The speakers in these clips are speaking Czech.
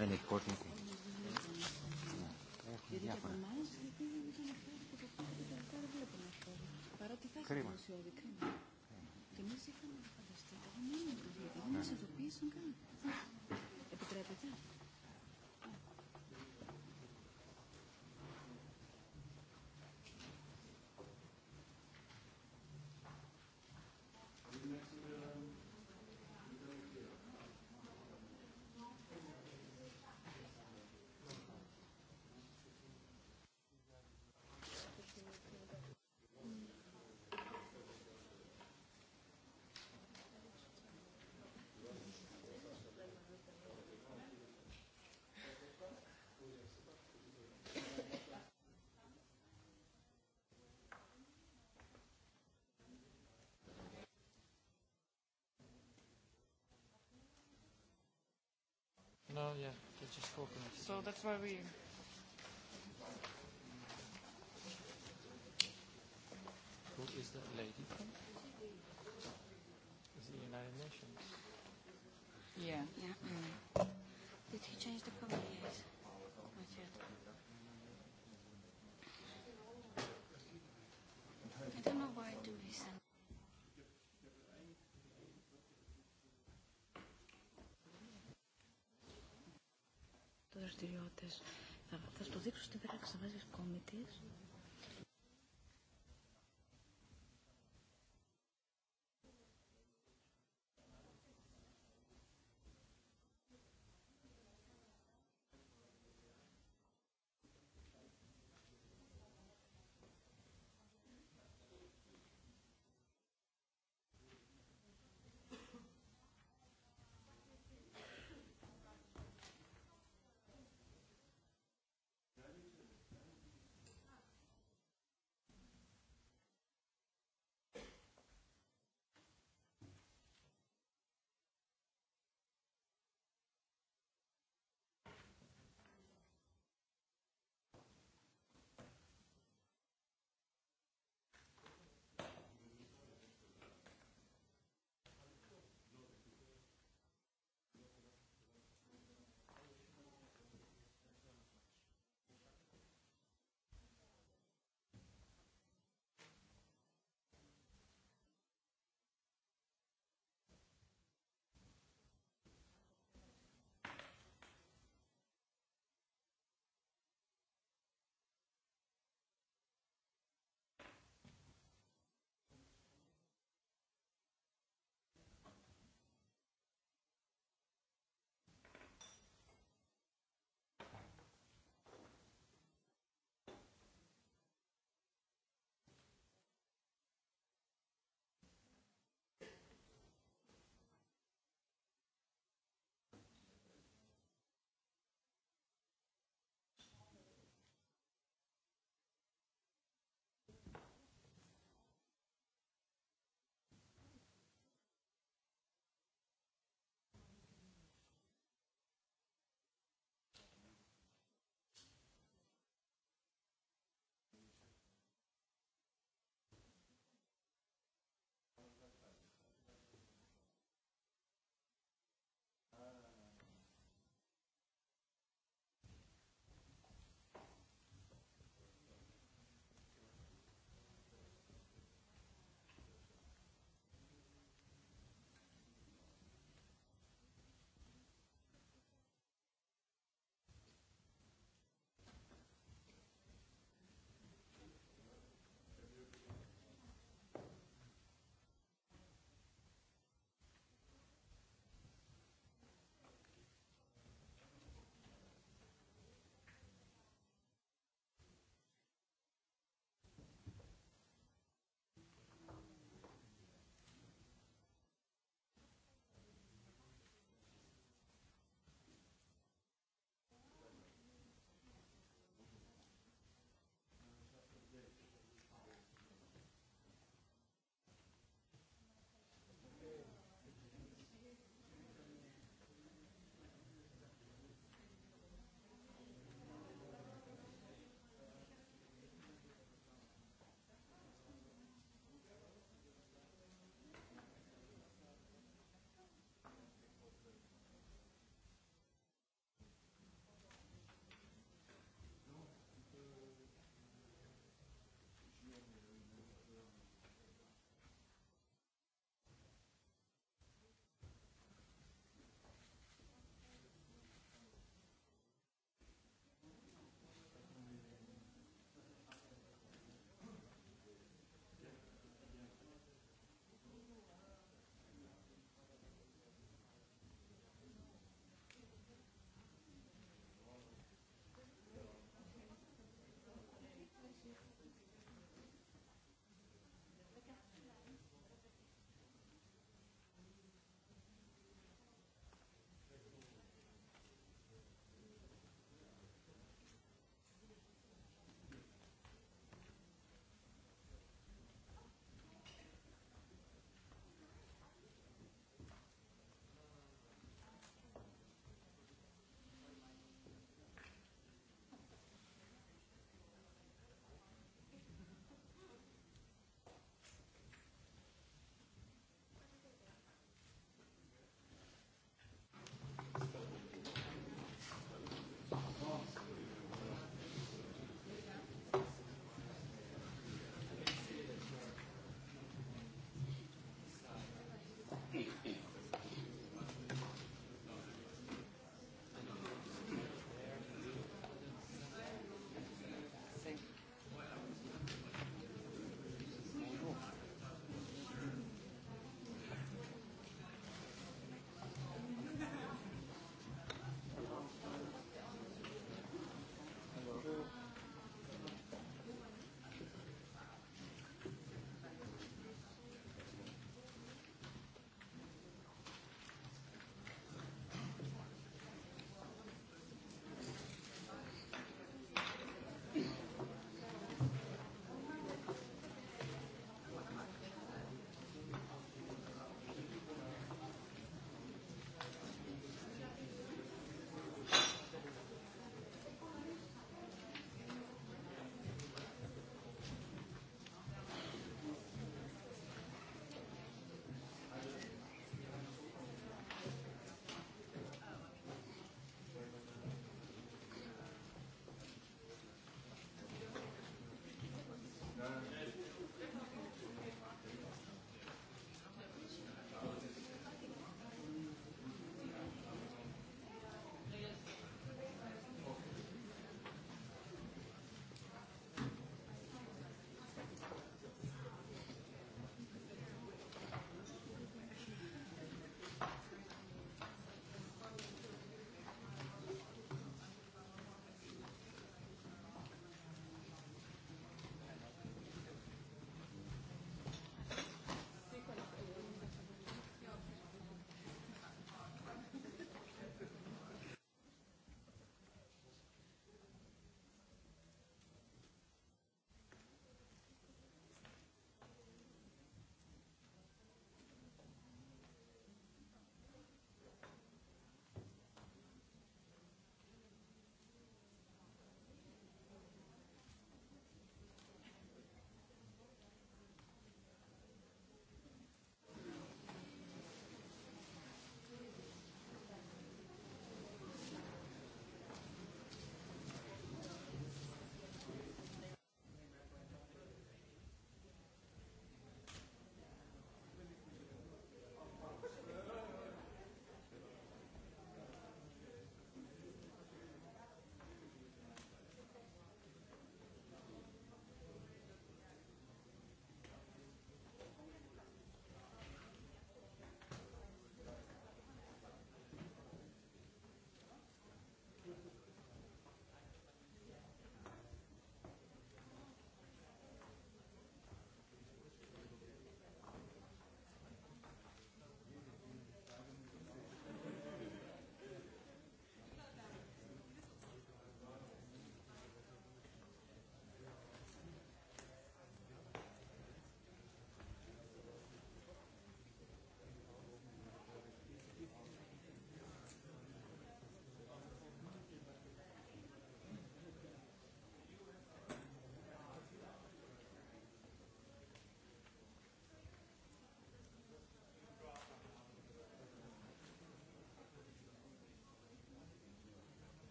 Any court meeting? Παρότι θα είχαμε δημοσιεύει, κρίμα. Και εμεί είχαμε φανταστεί. Δεν μας ειδοποίησαν καν. Επιτρέπετε. yeah, there's just four committees. So that's why we. Who is that lady from? Is the United Nations? Yeah. Yeah. Mm. Did he change the committees? Not yet. I don't know why do we send committees. Θα, θα το δείξω στην πράξη να βάζεις committees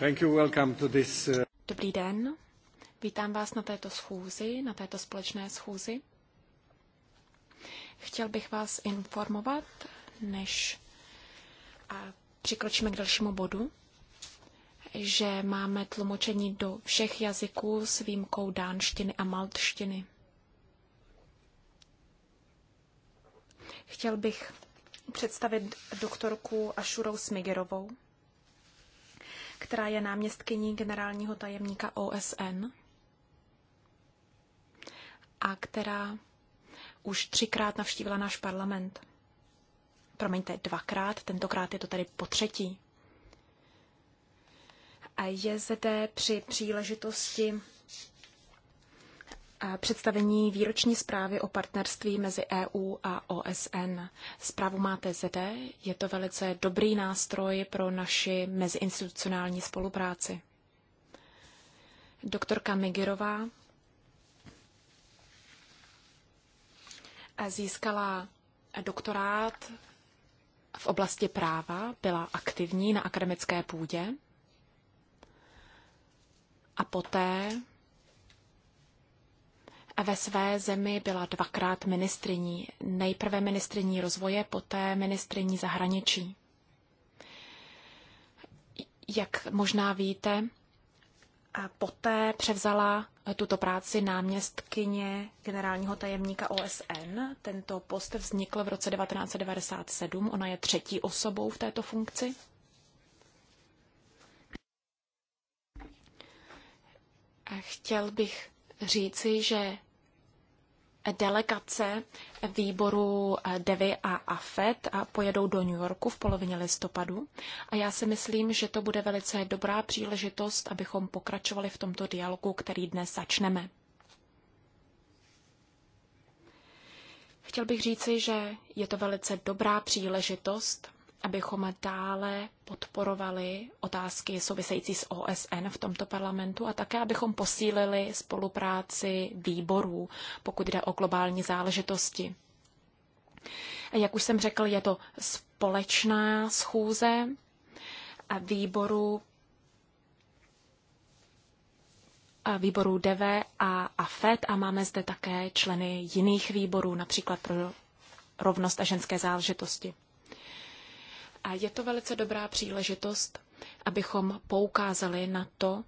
Thank you, welcome to this, uh... Dobrý den. Vítám vás na této schůzi, na této společné schůzi. Chtěl bych vás informovat, než a přikročíme k dalšímu bodu, že máme tlumočení do všech jazyků s výjimkou dánštiny a maltštiny. Chtěl bych představit doktorku Ašurou Smigerovou která je náměstkyní generálního tajemníka OSN a která už třikrát navštívila náš parlament. Promiňte, dvakrát, tentokrát je to tady po třetí. A je zde při příležitosti představení výroční zprávy o partnerství mezi EU a OSN. Zprávu máte TzD, je to velice dobrý nástroj pro naši meziinstitucionální spolupráci. Doktorka Migirová získala doktorát v oblasti práva, byla aktivní na akademické půdě a poté ve své zemi byla dvakrát ministriní. Nejprve ministriní rozvoje, poté ministriní zahraničí. Jak možná víte, a poté převzala tuto práci náměstkyně generálního tajemníka OSN. Tento post vznikl v roce 1997. Ona je třetí osobou v této funkci. A chtěl bych říci, že Delegace výboru eh, Devy a AFET pojedou do New Yorku v polovině listopadu a já si myslím, že to bude velice dobrá příležitost, abychom pokračovali v tomto dialogu, který dnes začneme. Chtěl bych říci, že je to velice dobrá příležitost abychom dále podporovali otázky související s OSN v tomto parlamentu a také, abychom posílili spolupráci výborů, pokud jde o globální záležitosti. Jak už jsem řekl, je to společná schůze a výboru a výboru DEVE a, a FED a máme zde také členy jiných výborů, například pro rovnost a ženské záležitosti. A je to velice dobrá příležitost, abychom poukázali na to,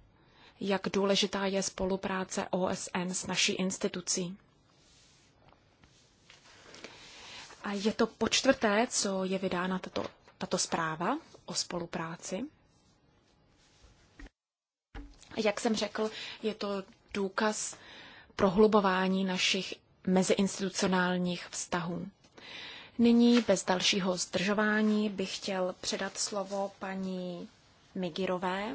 jak důležitá je spolupráce OSN s naší institucí. A je to po čtvrté, co je vydána tato, tato zpráva o spolupráci. Jak jsem řekl, je to důkaz prohlubování našich meziinstitucionálních vztahů. Nyní bez dalšího zdržování bych chtěl předat slovo paní Migirové.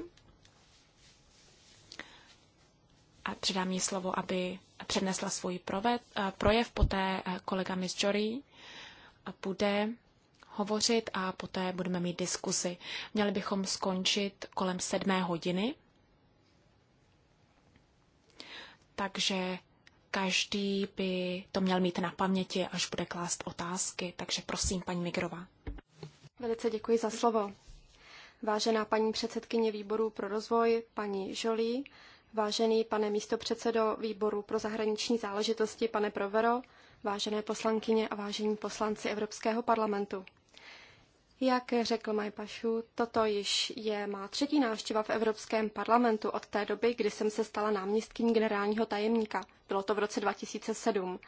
A předám jí slovo, aby přednesla svůj eh, projev, poté eh, kolega Miss Jory eh, bude hovořit a poté budeme mít diskusy. Měli bychom skončit kolem sedmé hodiny. Takže každý by to měl mít na paměti, až bude klást otázky. Takže prosím, paní Migrová. Velice děkuji za slovo. Vážená paní předsedkyně výboru pro rozvoj, paní Žolí, vážený pane místopředsedo výboru pro zahraniční záležitosti, pane Provero, vážené poslankyně a vážení poslanci Evropského parlamentu. Jak řekl Maj Pašu, toto již je má třetí návštěva v Evropském parlamentu od té doby, kdy jsem se stala náměstkyní generálního tajemníka – bylo to v roce 2007.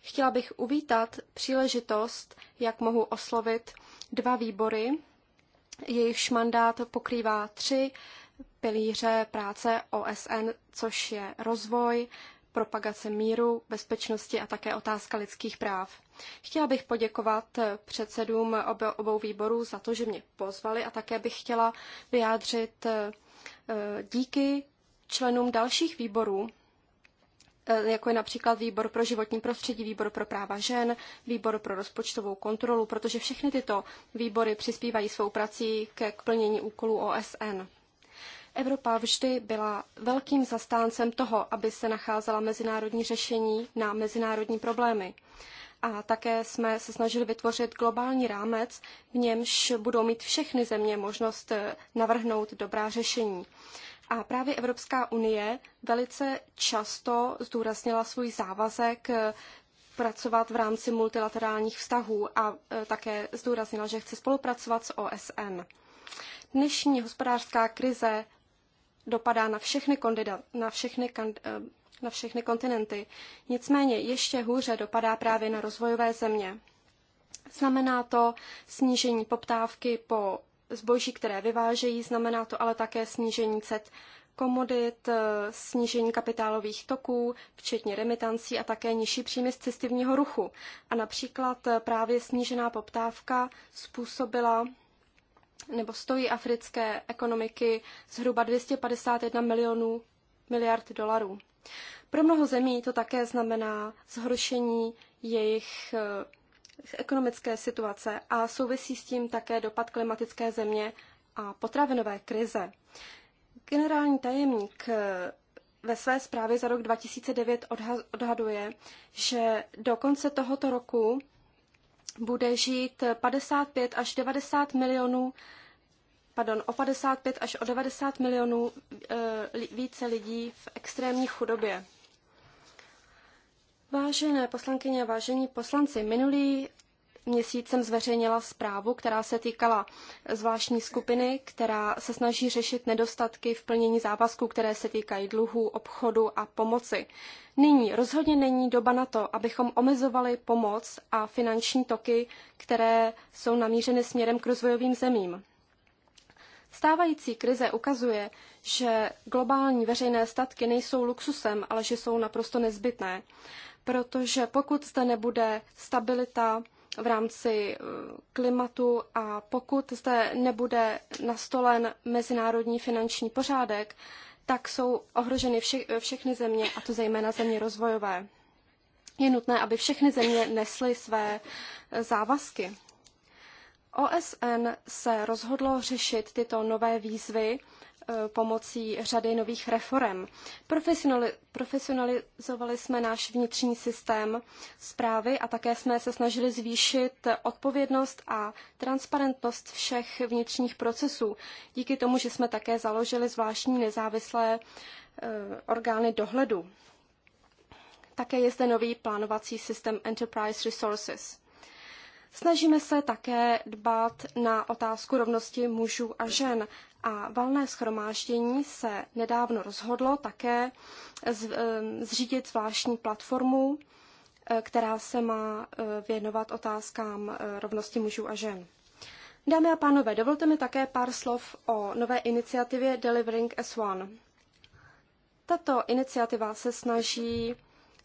Chtěla bych uvítat příležitost, jak mohu oslovit dva výbory, jejichž mandát pokrývá tři pilíře práce OSN, což je rozvoj, propagace míru, bezpečnosti a také otázka lidských práv. Chtěla bych poděkovat předsedům obou výborů za to, že mě pozvali a také bych chtěla vyjádřit eh, díky členům dalších výborů, E, jako je například výbor pro životní prostředí, výbor pro práva žen, výbor pro rozpočtovou kontrolu, protože všechny tyto výbory přispívají svou prací ke k plnění úkolů OSN. Evropa vždy byla velkým zastáncem toho, aby se nacházela mezinárodní řešení na mezinárodní problémy. A také jsme se snažili vytvořit globální rámec, v němž budou mít všechny země možnost e, navrhnout dobrá řešení. A právě Evropská unie velice často zdůraznila svůj závazek eh, pracovat v rámci multilaterálních vztahů a eh, také zdůraznila, že chce spolupracovat s OSN. Dnešní hospodářská krize dopadá na všechny, kandida, na všechny, kan, eh, na všechny kontinenty. Nicméně ještě hůře dopadá právě na rozvojové země. Znamená to snížení poptávky po zboží, které vyvážejí, znamená to ale také snížení cet komodit, eh, snížení kapitálových toků, včetně remitancí a také nižší příjmy z cestivního ruchu. A například eh, právě snížená poptávka způsobila nebo stojí africké ekonomiky zhruba 251 milionů miliard dolarů. Pro mnoho zemí to také znamená zhoršení jejich eh, ekonomické situace a souvisí s tím také dopad klimatické země a potravinové krize. Generální tajemník eh, ve své zprávě za rok 2009 odhaduje, že do konce tohoto roku bude žít 55 až 90 milionů pardon, o 55 až o 90 milionů eh, více lidí v extrémní chudobě. Vážené poslankyně a vážení poslanci, minulý měsíc jsem zveřejnila zprávu, která se týkala zvláštní skupiny, která se snaží řešit nedostatky v plnění závazků, které se týkají dluhů, obchodu a pomoci. Nyní rozhodně není doba na to, abychom omezovali pomoc a finanční toky, které jsou namířeny směrem k rozvojovým zemím. Stávající krize ukazuje, že globální veřejné statky nejsou luxusem, ale že jsou naprosto nezbytné protože pokud zde nebude stabilita v rámci eh, klimatu a pokud zde nebude nastolen mezinárodní finanční pořádek, tak jsou ohroženy vše, všechny země, a to zejména země rozvojové. Je nutné, aby všechny země nesly své eh, závazky. OSN se rozhodlo řešit tyto nové výzvy Eh, pomocí řady nových reform. Profesionali, profesionalizovali jsme náš vnitřní systém zprávy a také jsme se snažili zvýšit odpovědnost a transparentnost všech vnitřních procesů, díky tomu, že jsme také založili zvláštní nezávislé eh, orgány dohledu. Také je zde nový plánovací systém Enterprise Resources. Snažíme se také dbát na otázku rovnosti mužů a žen a valné schromáždění se nedávno rozhodlo také eh, zřídit zvláštní platformu, eh, která se má eh, věnovat otázkám rovnosti mužů a žen. Dámy a pánové, dovolte mi také pár slov o nové iniciativě Delivering as One. Tato iniciativa se snaží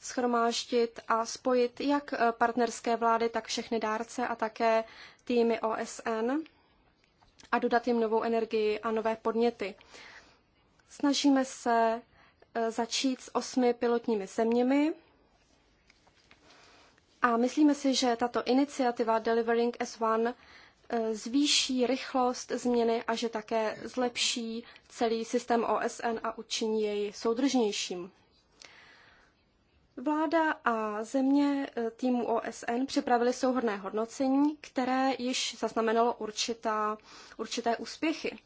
schromáždit a spojit jak eh, partnerské vlády, tak všechny dárce a také týmy OSN a dodat jim novou energii a nové podněty. Snažíme se eh, začít s osmi pilotními zeměmi a myslíme si, že tato iniciativa Delivering as One eh, zvýší rychlost změny a že také zlepší celý systém OSN a učiní jej soudržnějším. Vláda a země eh, týmu OSN připravili souhrné hodnocení, které již zaznamenalo určitá, určité úspěchy.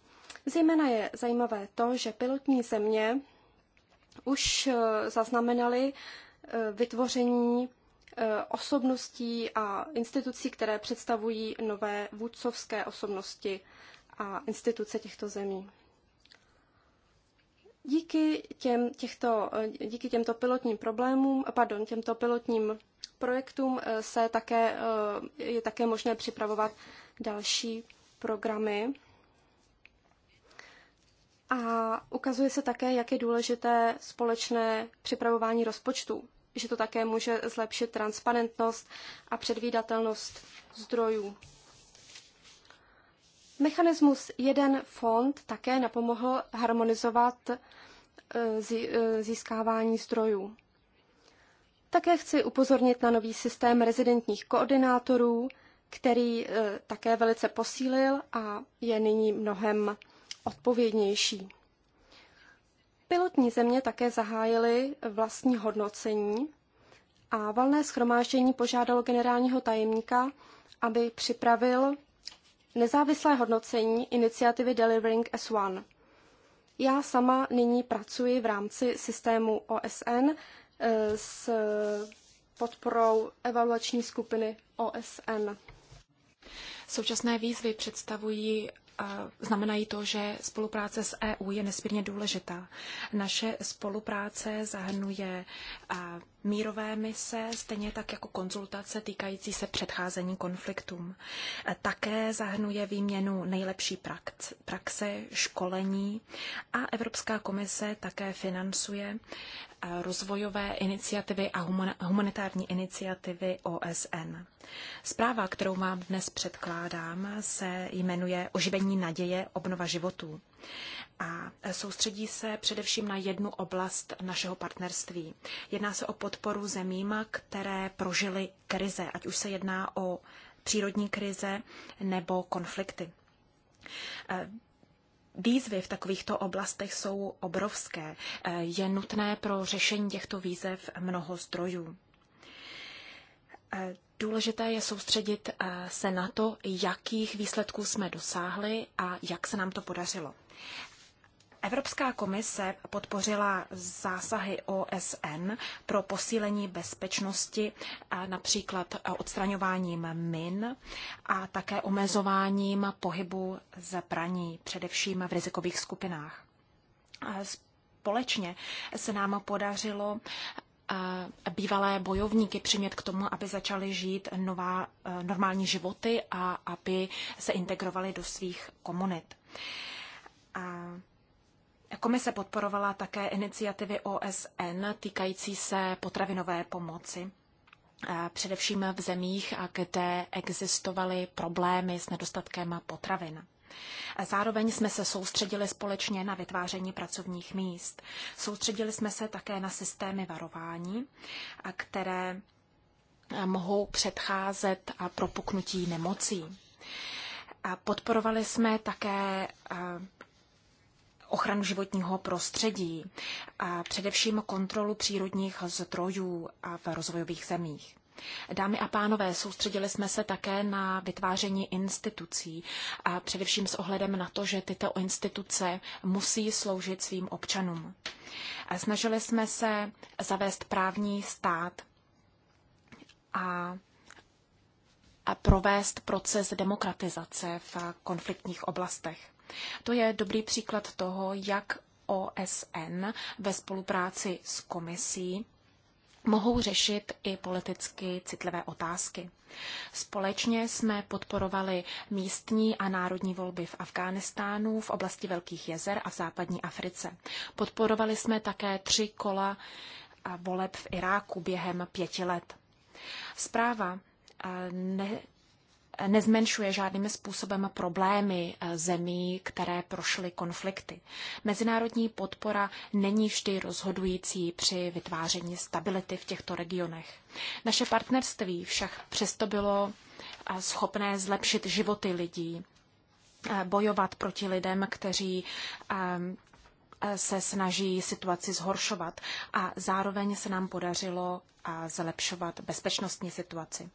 Zejména je zajímavé to, že pilotní země už eh, zaznamenaly eh, vytvoření osobností a institucí, které představují nové vůdcovské osobnosti a instituce těchto zemí. Díky, těm, těchto, eh, díky těmto pilotním problémům, eh, pardon, těmto pilotním projektům eh, se také, je také možné připravovat další programy. A ukazuje se také, jak je důležité společné připravování rozpočtu, že to také může zlepšit transparentnost a předvídatelnost zdrojů. Mechanismus jeden fond také napomohl harmonizovat e, e, získávání zdrojů. Také chci upozornit na nový systém rezidentních koordinátorů, který e, také velice posílil a je nyní mnohem odpovědnější. Pilotní země také zahájily vlastní hodnocení a valné schromáždění požádalo generálního tajemníka, aby připravil nezávislé hodnocení iniciativy Delivering as One. Já sama nyní pracuji v rámci systému OSN eh, s podporou evaluační skupiny OSN. Současné výzvy představují znamenají to, že spolupráce s EU je nesmírně důležitá. Naše spolupráce zahrnuje mírové mise, stejně tak jako konzultace týkající se předcházení konfliktům. Také zahrnuje výměnu nejlepší praxe, školení a Evropská komise také financuje rozvojové iniciativy a humanitární iniciativy OSN. Zpráva, kterou vám dnes předkládám, se jmenuje Oživení poslední naděje obnova životů. A soustředí se především na jednu oblast našeho partnerství. Jedná se o podporu zemím, které prožily krize, ať už se jedná o přírodní krize nebo konflikty. E, výzvy v takovýchto oblastech jsou obrovské. E, je nutné pro řešení těchto výzev mnoho zdrojů. Eh, důležité je soustředit eh, se na to, jakých výsledků jsme dosáhli a jak se nám to podařilo. Evropská komise podpořila zásahy OSN pro posílení bezpečnosti, eh, například odstraňováním min a také omezováním pohybu zbraní, především v rizikových skupinách. Společně se nám podařilo bývalé bojovníky přimět k tomu, aby začali žít nová, eh, normální životy a aby se integrovali do svých komunit. A Komise podporovala také iniciativy OSN týkající se potravinové pomoci, eh, především v zemích, kde existovaly problémy s nedostatkem potravin. Zároveň jsme se soustředili společně na vytváření pracovních míst. Soustředili jsme se také na systémy varování, které eh, mohou předcházet a propuknutí nemocí. A podporovali jsme také eh, ochranu životního prostředí a především kontrolu přírodních zdrojů v rozvojových zemích. Dámy a pánové, soustředili jsme se také na vytváření institucí a především s ohledem na to, že tyto instituce musí sloužit svým občanům. Snažili jsme se zavést právní stát a a provést proces demokratizace v konfliktních oblastech. To je dobrý příklad toho, jak OSN ve spolupráci s komisí mohou řešit i politicky citlivé otázky. Společně jsme podporovali místní a národní volby v Afghánistánu, v oblasti Velkých jezer a v západní Africe. Podporovali jsme také tři kola voleb v Iráku během pěti let. Zpráva eh, nezmenšuje žádným způsobem problémy eh, zemí, které prošly konflikty. Mezinárodní podpora není vždy rozhodující při vytváření stability v těchto regionech. Naše partnerství však přesto bylo eh, schopné zlepšit životy lidí, eh, bojovat proti lidem, kteří se snaží situaci zhoršovat a zároveň se nám podařilo zlepšovat bezpečnostní situaci.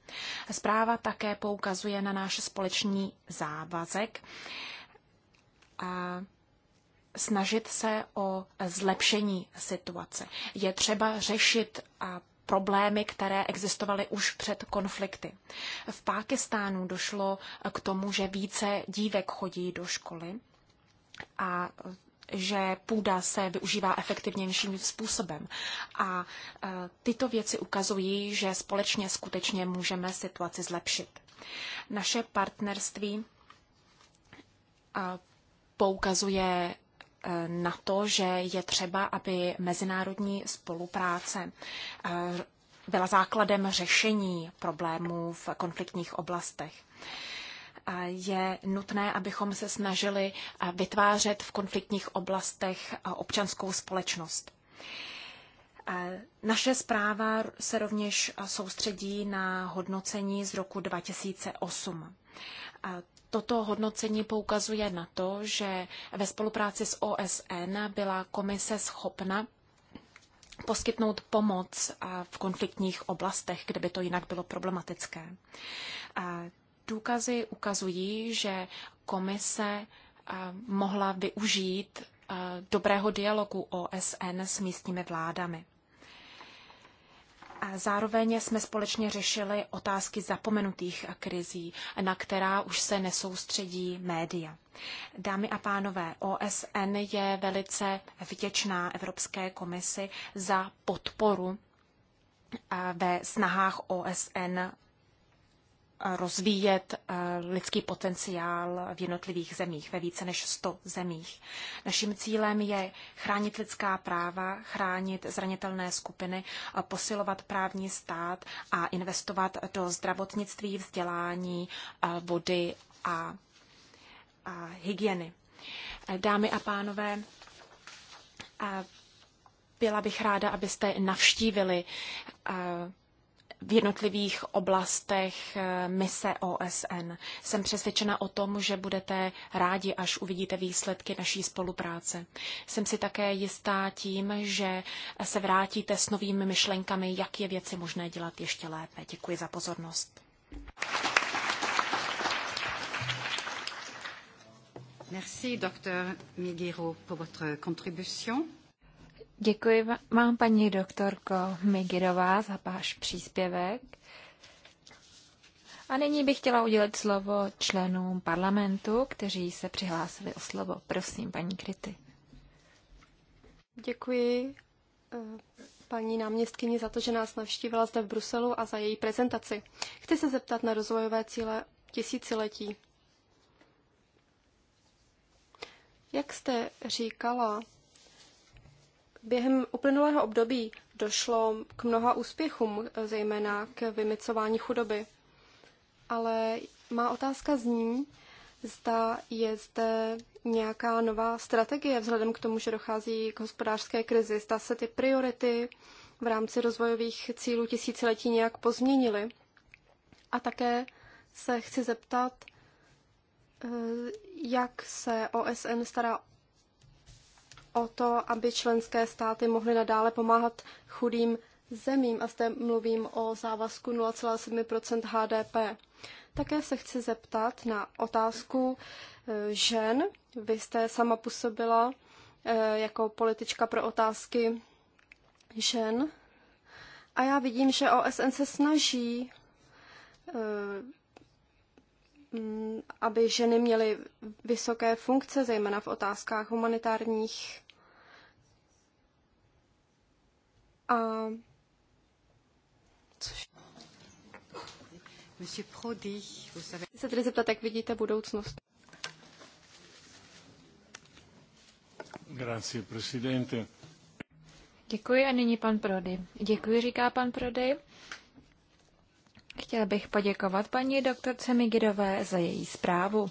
Zpráva také poukazuje na náš společný závazek a snažit se o zlepšení situace. Je třeba řešit problémy, které existovaly už před konflikty. V Pákistánu došlo k tomu, že více dívek chodí do školy a že půda se využívá efektivnějším způsobem. A e, tyto věci ukazují, že společně skutečně můžeme situaci zlepšit. Naše partnerství e, poukazuje e, na to, že je třeba, aby mezinárodní spolupráce byla základem řešení problémů v konfliktních oblastech je nutné, abychom se snažili vytvářet v konfliktních oblastech občanskou společnost. Naše zpráva se rovněž soustředí na hodnocení z roku 2008. Toto hodnocení poukazuje na to, že ve spolupráci s OSN byla komise schopna poskytnout pomoc v konfliktních oblastech, kde by to jinak bylo problematické. Důkazy ukazují, že komise eh, mohla využít eh, dobrého dialogu OSN s místními vládami. Zároveň jsme společně řešili otázky zapomenutých krizí, na která už se nesoustředí média. Dámy a pánové, OSN je velice vděčná Evropské komisi za podporu eh, ve snahách OSN rozvíjet eh, lidský potenciál v jednotlivých zemích, ve více než 100 zemích. Naším cílem je chránit lidská práva, chránit zranitelné skupiny, eh, posilovat právní stát a investovat do zdravotnictví, vzdělání, eh, vody a, a hygieny. Dámy a pánové, byla bych ráda, abyste navštívili v jednotlivých oblastech eh, mise OSN. Jsem přesvědčena o tom, že budete rádi, až uvidíte výsledky naší spolupráce. Jsem si také jistá tím, že se vrátíte s novými myšlenkami, jak je věci možné dělat ještě lépe. Děkuji za pozornost. Merci, docteur Miguero, pour votre contribution. Děkuji vám, paní doktorko Migirová, za váš příspěvek. A nyní bych chtěla udělit slovo členům parlamentu, kteří se přihlásili o slovo. Prosím, paní Kryty. Děkuji eh, paní náměstkyni za to, že nás navštívila zde v Bruselu a za její prezentaci. Chci se zeptat na rozvojové cíle tisíciletí. Jak jste říkala, Během uplynulého období došlo k mnoha úspěchům, zejména k vymycování chudoby. Ale má otázka zní, zda je zde nějaká nová strategie vzhledem k tomu, že dochází k hospodářské krizi. Zda se ty priority v rámci rozvojových cílů tisíciletí nějak pozměnily. A také se chci zeptat, eh, jak se OSN stará o to, aby členské státy mohly nadále pomáhat chudým zemím a zde mluvím o závazku 0,7 HDP. Také se chci zeptat na otázku eh, žen. Vy jste sama působila eh, jako politička pro otázky žen. A já vidím, že OSN se snaží, eh, mm, aby ženy měly vysoké funkce, zejména v otázkách humanitárních A což... Chci se tedy zeptat, jak vidíte budoucnost. Grazie, presidente. Děkuji a nyní pan Prody. Děkuji, říká pan Prody. Chtěl bych poděkovat paní doktorce Migidové za její zprávu.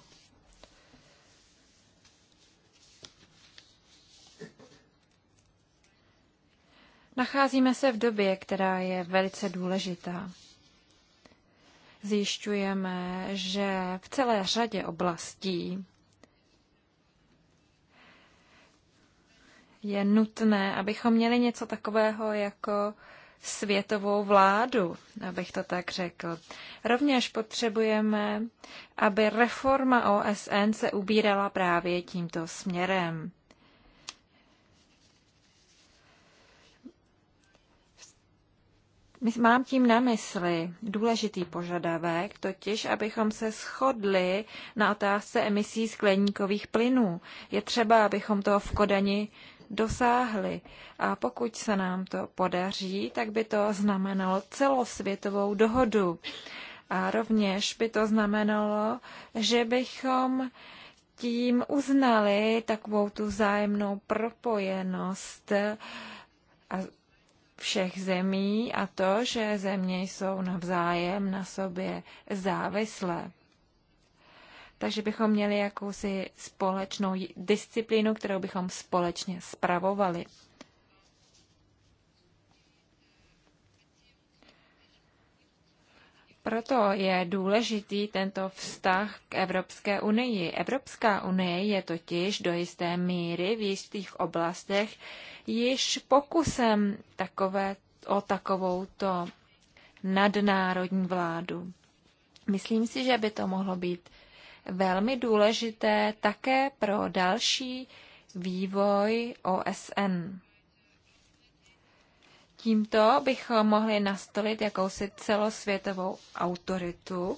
Nacházíme se v době, která je velice důležitá. Zjišťujeme, že v celé řadě oblastí je nutné, abychom měli něco takového jako světovou vládu, abych to tak řekl. Rovněž potřebujeme, aby reforma OSN se ubírala právě tímto směrem. Mám tím na mysli důležitý požadavek, totiž abychom se shodli na otázce emisí skleníkových plynů. Je třeba, abychom toho v Kodani dosáhli. A pokud se nám to podaří, tak by to znamenalo celosvětovou dohodu. A rovněž by to znamenalo, že bychom tím uznali takovou tu vzájemnou propojenost a všech zemí a to, že země jsou navzájem na sobě závislé. Takže bychom měli jakousi společnou disciplínu, kterou bychom společně spravovali. Proto je důležitý tento vztah k Evropské unii. Evropská unie je totiž do jisté míry v jistých oblastech již pokusem takové, o takovouto nadnárodní vládu. Myslím si, že by to mohlo být velmi důležité také pro další vývoj OSN. Tímto bychom mohli nastolit jakousi celosvětovou autoritu.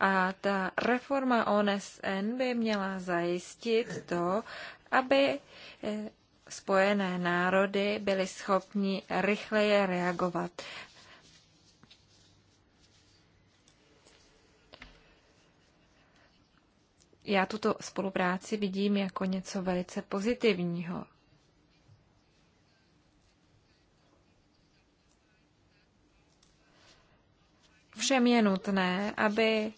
A ta reforma ONSN by měla zajistit to, aby eh, Spojené národy byly schopni rychleji reagovat. Já tuto spolupráci vidím jako něco velice pozitivního. Všem je nutné, aby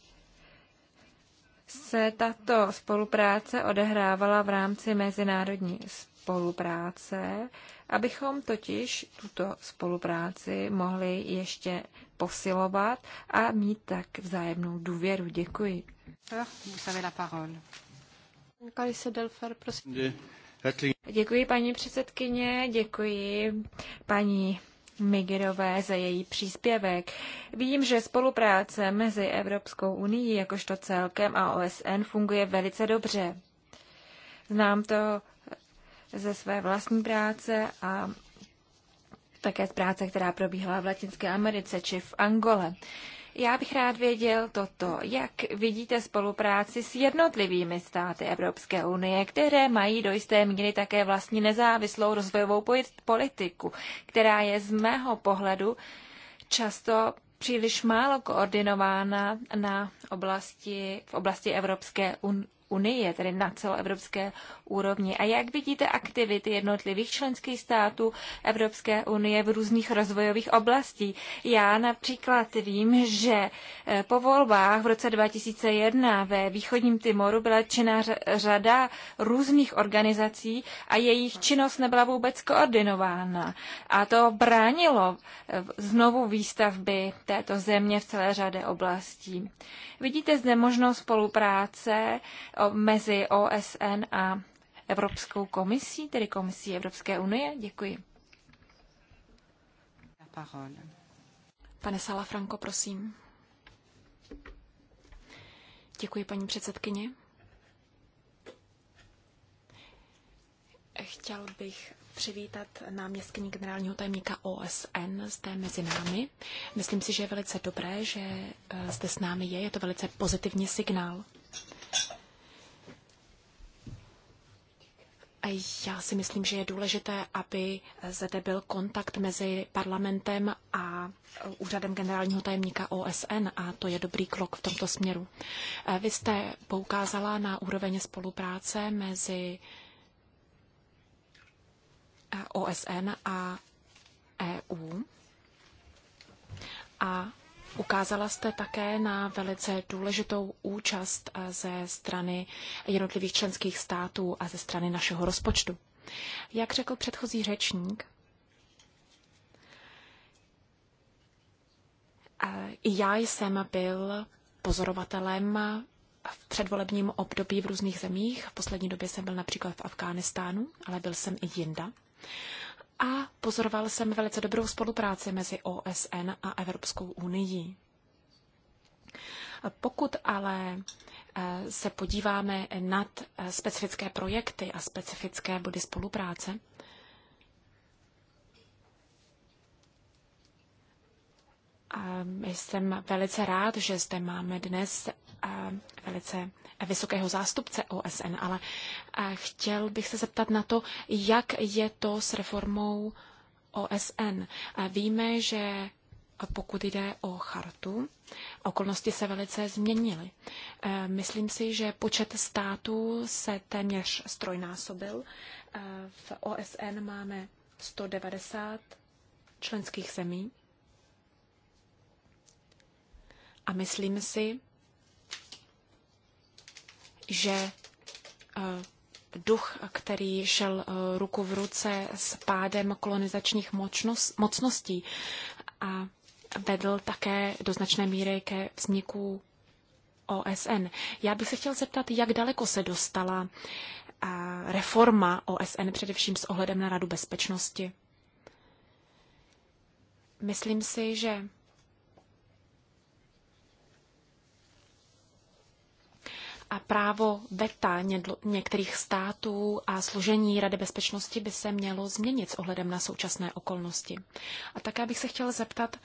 se tato spolupráce odehrávala v rámci mezinárodní spolupráce, abychom totiž tuto spolupráci mohli ještě posilovat a mít tak vzájemnou důvěru. Děkuji. Děkuji paní předsedkyně, děkuji paní Migerové za její příspěvek. Vím, že spolupráce mezi Evropskou unii jakožto celkem a OSN funguje velice dobře. Znám to ze své vlastní práce a také z práce, která probíhala v Latinské Americe či v Angole. Já bych rád věděl toto. Jak vidíte spolupráci s jednotlivými státy Evropské unie, které mají do jisté míry také vlastní nezávislou rozvojovou politiku, která je z mého pohledu často příliš málo koordinována na oblasti, v oblasti Evropské unie, tedy na celoevropské úrovni. A jak vidíte aktivity jednotlivých členských států Evropské unie v různých rozvojových oblastí? Já například vím, že eh, po volbách v roce 2001 ve východním Timoru byla činná řada různých organizací a jejich činnost nebyla vůbec koordinována. A to bránilo eh, znovu výstavby této země v celé řadě oblastí. Vidíte zde možnost spolupráce mezi OSN a Evropskou komisí, tedy komisí Evropské unie? Děkuji. Pane Salafranko, prosím. Děkuji, paní předsedkyně. Chtěl bych přivítat náměstkyni generálního tajemníka OSN zde mezi námi. Myslím si, že je velice dobré, že eh, zde s námi je. Je to velice pozitivní signál. Já si myslím, že je důležité, aby zde byl kontakt mezi parlamentem a úřadem generálního tajemníka OSN a to je dobrý krok v tomto směru. Eh, vy jste poukázala na úroveň spolupráce mezi eh, OSN a EU a Ukázala jste také na velice důležitou účast eh, ze strany jednotlivých členských států a ze strany našeho rozpočtu. Jak řekl předchozí řečník, eh, i já jsem byl pozorovatelem v předvolebním období v různých zemích. V poslední době jsem byl například v Afghánistánu, ale byl jsem i jinda a pozoroval jsem velice dobrou spolupráci mezi OSN a Evropskou unii. Pokud ale eh, se podíváme nad eh, specifické projekty a specifické body spolupráce, Jsem velice rád, že zde máme dnes eh, velice vysokého zástupce OSN, ale eh, chtěl bych se zeptat na to, jak je to s reformou OSN. Eh, víme, že pokud jde o chartu, okolnosti se velice změnily. Myslím si, že počet států se téměř strojnásobil. V OSN máme 190 členských zemí A myslím si, že eh, duch, který šel eh, ruku v ruce s pádem kolonizačních mocností a vedl také do značné míry ke vzniku OSN. Já bych se chtěl zeptat, jak daleko se dostala eh, reforma OSN, především s ohledem na Radu bezpečnosti. Myslím si, že právo veta některých států a složení Rady bezpečnosti by se mělo změnit s ohledem na současné okolnosti. A také bych se chtěl zeptat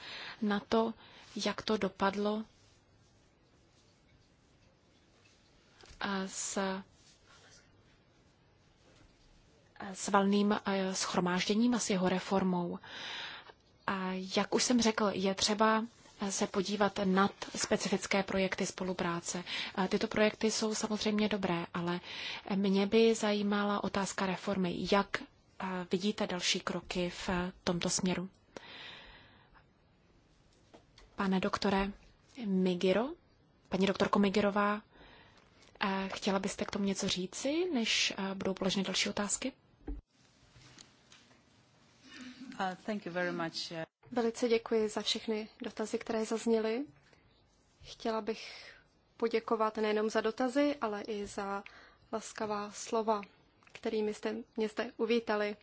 na to, jak to dopadlo s, s valným schromážděním a s jeho reformou. A jak už jsem řekl, je třeba se podívat nad specifické projekty spolupráce. Tyto projekty jsou samozřejmě dobré, ale mě by zajímala otázka reformy. Jak vidíte další kroky v tomto směru? Pane doktore Migiro, paní doktorko Migirová, chtěla byste k tomu něco říci, než budou položeny další otázky? Uh, uh, Velice děkuji za všechny dotazy, které zazněly. Chtěla bych poděkovat nejenom za dotazy, ale i za laskavá slova, kterými jste mě zde uvítali.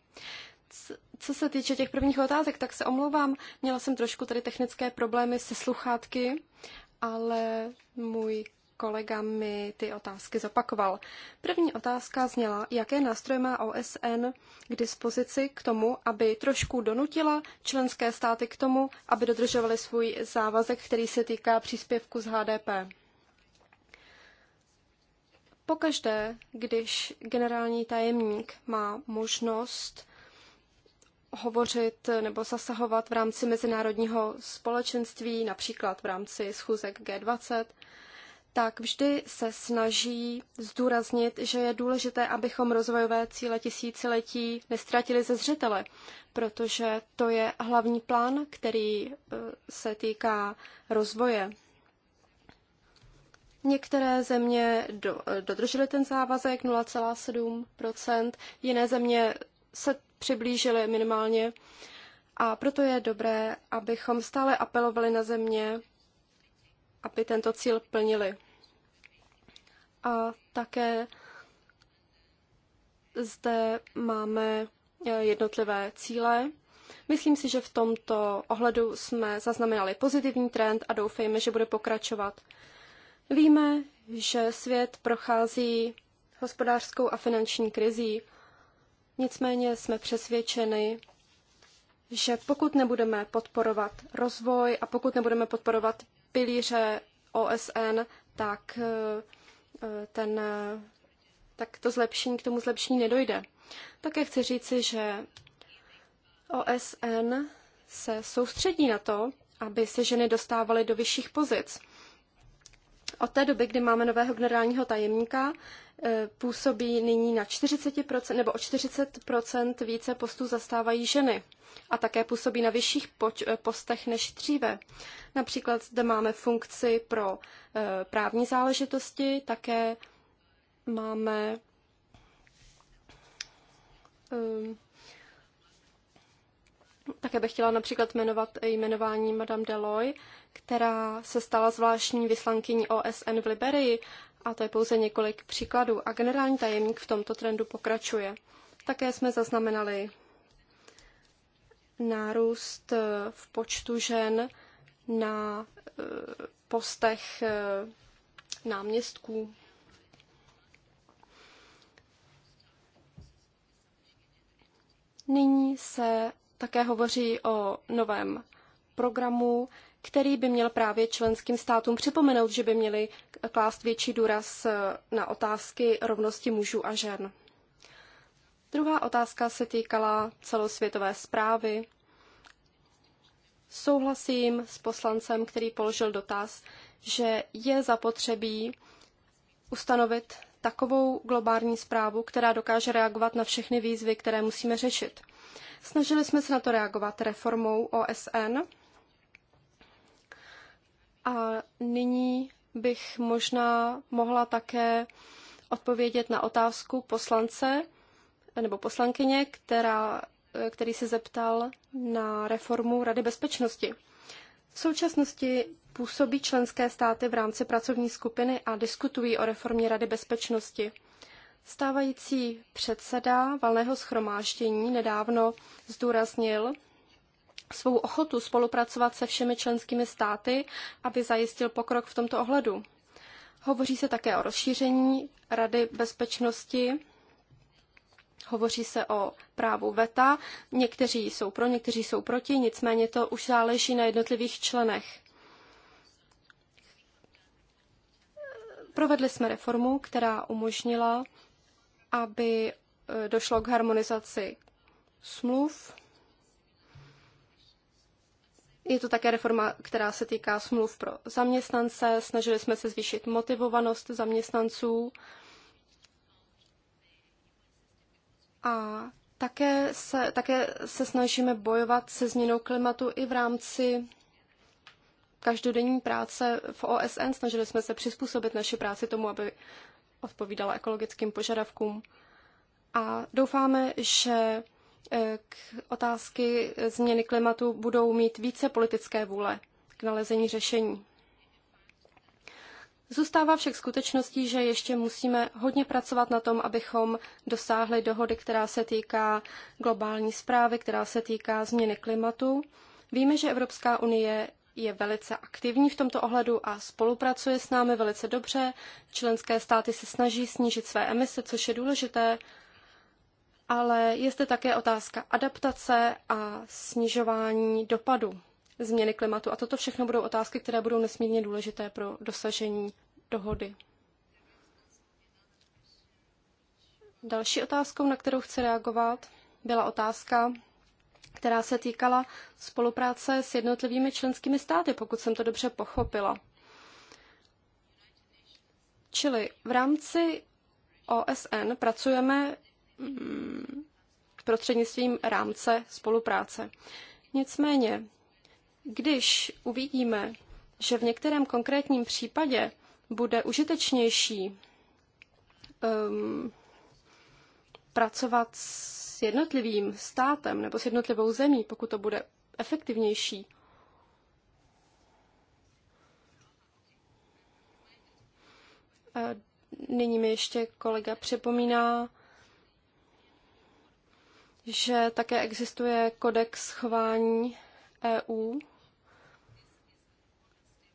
Co se týče těch prvních otázek, tak se omlouvám. Měla jsem trošku tady technické problémy se sluchátky, ale můj kolega mi ty otázky zopakoval. První otázka zněla, jaké nástroje má OSN k dispozici k tomu, aby trošku donutila členské státy k tomu, aby dodržovaly svůj závazek, který se týká příspěvku z HDP. Pokaždé, když generální tajemník má možnost hovořit nebo zasahovat v rámci mezinárodního společenství, například v rámci schůzek G20, tak vždy se snaží zdůraznit, že je důležité, abychom rozvojové cíle tisíciletí nestratili ze zřetele, protože to je hlavní plán, který eh, se týká rozvoje. Některé země do, eh, dodržely ten závazek 0,7%, jiné země se přiblížily minimálně a proto je dobré, abychom stále apelovali na země, aby tento cíl plnili. A také zde máme eh, jednotlivé cíle. Myslím si, že v tomto ohledu jsme zaznamenali pozitivní trend a doufejme, že bude pokračovat. Víme, že svět prochází hospodářskou a finanční krizí. Nicméně jsme přesvědčeni, že pokud nebudeme podporovat rozvoj a pokud nebudeme podporovat pilíře OSN, tak eh, ten, eh, tak to zlepšení, k tomu zlepšení nedojde. Také chci říci, že OSN se soustředí na to, aby se ženy dostávaly do vyšších pozic. Od té doby, kdy máme nového generálního tajemníka, eh, působí nyní na 40% nebo o 40% více postů zastávají ženy a také působí na vyšších eh, postech než dříve. Například zde máme funkci pro eh, právní záležitosti, také máme také bych chtěla například jmenovat jmenování Madame Deloy, která se stala zvláštní vyslankyní OSN v Liberii, a to je pouze několik příkladů. A generální tajemník v tomto trendu pokračuje. Také jsme zaznamenali nárůst eh, v počtu žen na eh, postech eh, náměstků. Nyní se také hovoří o novém programu, který by měl právě členským státům připomenout, že by měli klást větší důraz eh, na otázky rovnosti mužů a žen. Druhá otázka se týkala celosvětové zprávy. Souhlasím s poslancem, který položil dotaz, že je zapotřebí ustanovit takovou globální zprávu, která dokáže reagovat na všechny výzvy, které musíme řešit. Snažili jsme se na to reagovat reformou OSN, a nyní bych možná mohla také odpovědět na otázku poslance nebo poslankyně, která, který se zeptal na reformu Rady bezpečnosti. V současnosti působí členské státy v rámci pracovní skupiny a diskutují o reformě Rady bezpečnosti. Stávající předseda valného schromáždění nedávno zdůraznil, svou ochotu spolupracovat se všemi členskými státy, aby zajistil pokrok v tomto ohledu. Hovoří se také o rozšíření Rady bezpečnosti, hovoří se o právu VETA. Někteří jsou pro, někteří jsou proti, nicméně to už záleží na jednotlivých členech. Provedli jsme reformu, která umožnila, aby e, došlo k harmonizaci smluv je to také reforma, která se týká smluv pro zaměstnance. Snažili jsme se zvýšit motivovanost zaměstnanců. A také se, také se snažíme bojovat se změnou klimatu i v rámci každodenní práce v OSN. Snažili jsme se přizpůsobit naši práci tomu, aby odpovídala ekologickým požadavkům. A doufáme, že Eh, k otázky eh, změny klimatu budou mít více politické vůle k nalezení řešení. Zůstává však skutečností, že ještě musíme hodně pracovat na tom, abychom dosáhli dohody, která se týká globální zprávy, která se týká změny klimatu. Víme, že Evropská unie je velice aktivní v tomto ohledu a spolupracuje s námi velice dobře. Členské státy se snaží snížit své emise, což je důležité ale je zde také otázka adaptace a snižování dopadu změny klimatu. A toto všechno budou otázky, které budou nesmírně důležité pro dosažení dohody. Další otázkou, na kterou chci reagovat, byla otázka, která se týkala spolupráce s jednotlivými členskými státy, pokud jsem to dobře pochopila. Čili v rámci OSN pracujeme Mm, prostřednictvím rámce spolupráce. Nicméně, když uvidíme, že v některém konkrétním případě bude užitečnější um, pracovat s jednotlivým státem nebo s jednotlivou zemí, pokud to bude efektivnější. Nyní mi ještě kolega připomíná že také existuje kodex chování EU,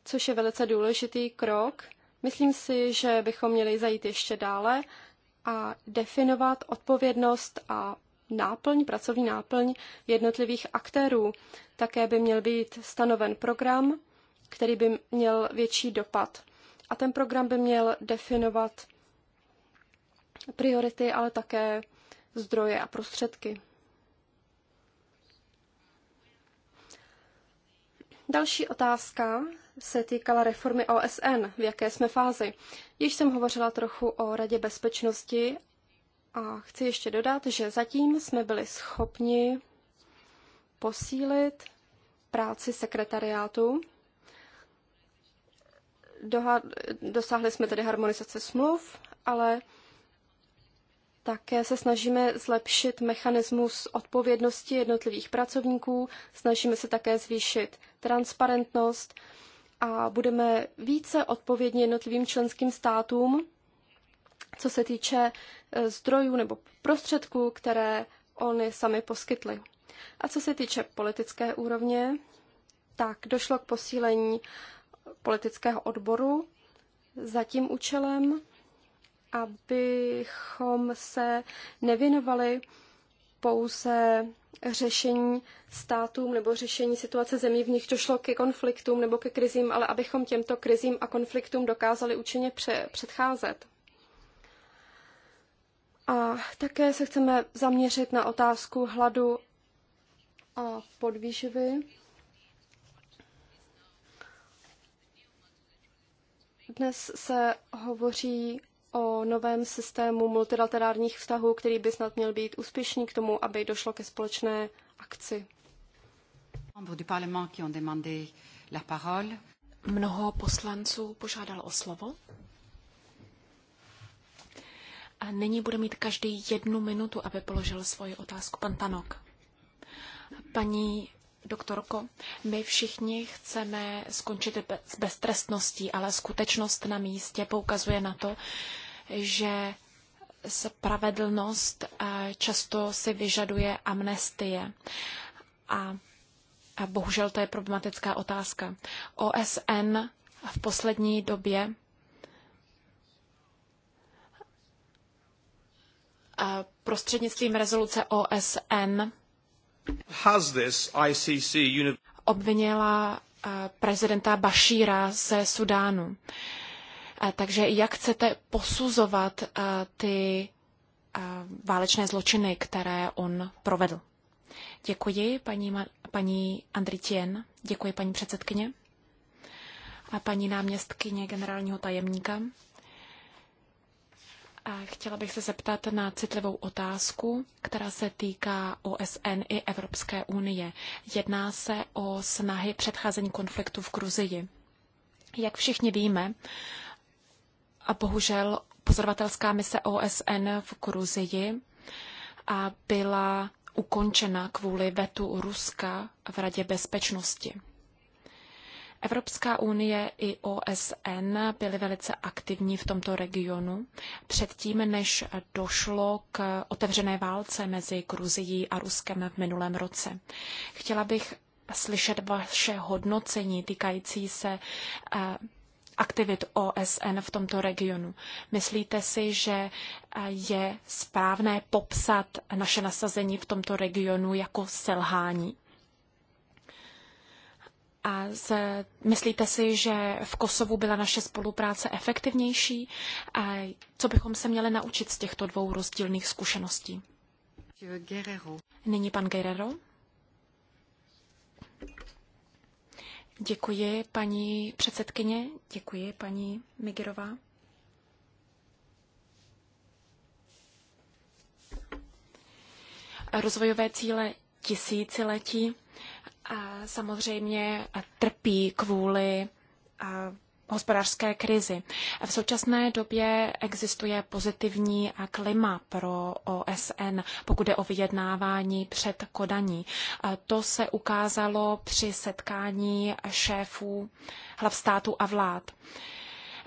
což je velice důležitý krok. Myslím si, že bychom měli zajít ještě dále a definovat odpovědnost a náplň, pracovní náplň jednotlivých aktérů. Také by měl být stanoven program, který by měl větší dopad. A ten program by měl definovat priority, ale také zdroje a prostředky. Další otázka se týkala reformy OSN, v jaké jsme fázi. Již jsem hovořila trochu o Radě bezpečnosti a chci ještě dodat, že zatím jsme byli schopni posílit práci sekretariátu. dosáhli jsme tedy harmonizace smluv, ale také se snažíme zlepšit mechanismus odpovědnosti jednotlivých pracovníků, snažíme se také zvýšit transparentnost a budeme více odpovědní jednotlivým členským státům, co se týče e, zdrojů nebo prostředků, které oni sami poskytli. A co se týče politické úrovně, tak došlo k posílení politického odboru za tím účelem, abychom se nevěnovali pouze řešení státům nebo řešení situace zemí, v nich došlo ke konfliktům nebo ke krizím, ale abychom těmto krizím a konfliktům dokázali účinně předcházet. A také se chceme zaměřit na otázku hladu a podvýživy. Dnes se hovoří o novém systému multilaterárních vztahů, který by snad měl být úspěšný k tomu, aby došlo ke společné akci. Mnoho poslanců požádalo o slovo. A nyní bude mít každý jednu minutu, aby položil svoji otázku pan Tanok. Paní doktorko, my všichni chceme skončit s beztrestností, ale skutečnost na místě poukazuje na to, že spravedlnost eh, často si vyžaduje amnestie. A, a bohužel to je problematická otázka. OSN v poslední době eh, prostřednictvím rezoluce OSN Obvinila eh, prezidenta Bašíra ze Sudánu. Eh, takže jak chcete posuzovat eh, ty válečné zločiny, které on provedl? Děkuji, paní, paní Andritien. Děkuji, paní předsedkyně. A paní náměstkyně generálního tajemníka. Chtěla bych se zeptat na citlivou otázku, která se týká OSN i Evropské unie. Jedná se o snahy předcházení konfliktu v Gruzii. Jak všichni víme, a bohužel pozorovatelská mise OSN v Gruzii a byla ukončena kvůli vetu Ruska v Radě bezpečnosti. Evropská unie i OSN byly velice aktivní v tomto regionu předtím, než došlo k otevřené válce mezi Gruzií a Ruskem v minulém roce. Chtěla bych slyšet vaše hodnocení týkající se eh, aktivit OSN v tomto regionu. Myslíte si, že eh, je správné popsat naše nasazení v tomto regionu jako selhání? A z, myslíte si, že v Kosovu byla naše spolupráce efektivnější? A co bychom se měli naučit z těchto dvou rozdílných zkušeností? Nyní pan Guerrero. Děkuji, paní předsedkyně. Děkuji, paní Migirová. Rozvojové cíle tisíciletí samozřejmě trpí kvůli hospodářské krizi. V současné době existuje pozitivní klima pro OSN, pokud je o vyjednávání před Kodaní. To se ukázalo při setkání šéfů hlav států a vlád.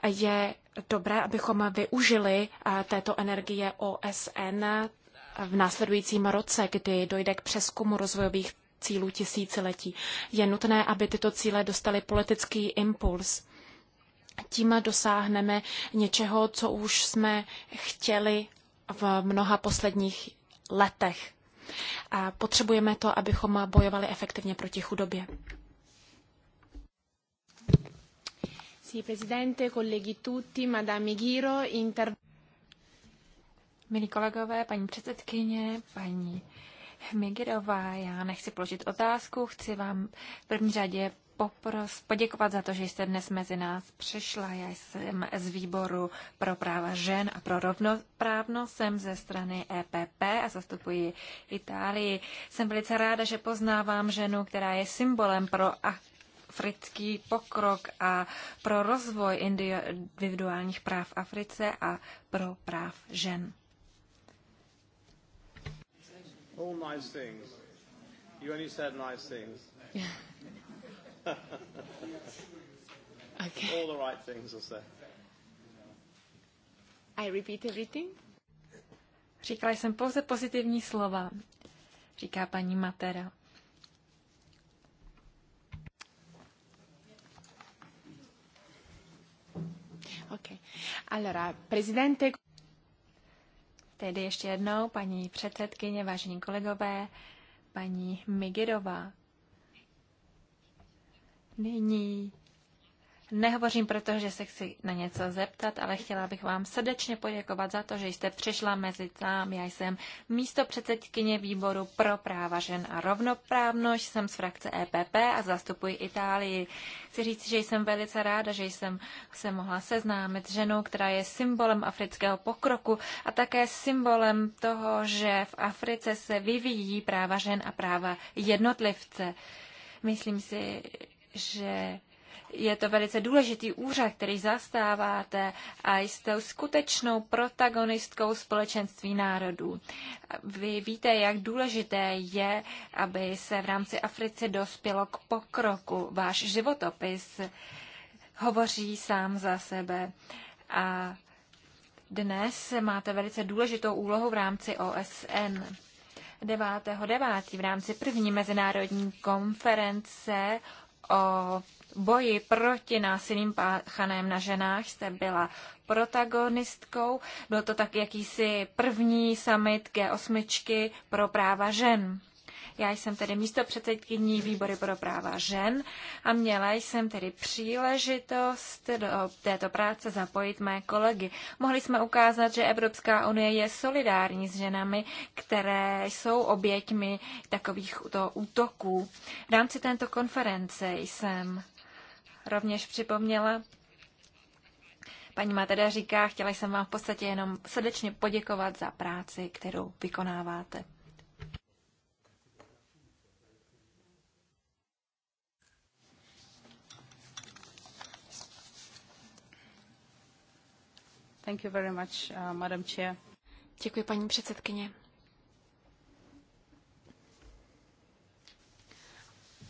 Je dobré, abychom využili této energie OSN v následujícím roce, kdy dojde k přeskumu rozvojových cílů tisíciletí. Je nutné, aby tyto cíle dostaly politický impuls. Tím dosáhneme něčeho, co už jsme chtěli v mnoha posledních letech. A potřebujeme to, abychom bojovali efektivně proti chudobě. inter... Milí kolegové, paní předsedkyně, paní Migerová, já nechci položit otázku, chci vám v první řadě popros, poděkovat za to, že jste dnes mezi nás přišla. Já jsem z výboru pro práva žen a pro rovnoprávnost, jsem ze strany EPP a zastupuji Itálii. Jsem velice ráda, že poznávám ženu, která je symbolem pro africký pokrok a pro rozvoj individuálních práv Africe a pro práv žen. All nice things. You only said nice things. Yeah. okay. All the right things are said. I repeat everything. Říkala jsem pouze pozitivní slova, říká paní Matera. Ok. Allora, presidente... Tedy ještě jednou, paní předsedkyně, vážení kolegové, paní Migirova. Nyní Nehovořím proto, že se chci na něco zeptat, ale chtěla bych vám srdečně poděkovat za to, že jste přišla mezi nám. Já jsem místo předsedkyně výboru pro práva žen a rovnoprávnost, jsem z frakce EPP a zastupuji Itálii. Chci říct, že jsem velice ráda, že jsem se mohla seznámit s ženou, která je symbolem afrického pokroku a také symbolem toho, že v Africe se vyvíjí práva žen a práva jednotlivce. Myslím si, že je to velice důležitý úřad, který zastáváte a jste skutečnou protagonistkou společenství národů. Vy víte, jak důležité je, aby se v rámci Africe dospělo k pokroku. Váš životopis hovoří sám za sebe. A dnes máte velice důležitou úlohu v rámci OSN. 9.9. v rámci první mezinárodní konference o boji proti násilím páchaném na ženách jste byla protagonistkou. Byl to tak jakýsi první summit G8 pro práva žen. Já jsem tedy místo předsedkyní výbory pro práva žen a měla jsem tedy příležitost do této práce zapojit mé kolegy. Mohli jsme ukázat, že Evropská unie je solidární s ženami, které jsou oběťmi takovýchto útoků. V rámci této konference jsem rovněž připomněla Paní Mateda říká, chtěla jsem vám v podstatě jenom srdečně poděkovat za práci, kterou vykonáváte. Thank you very much, uh, Madam Chair. Děkuji, paní předsedkyně.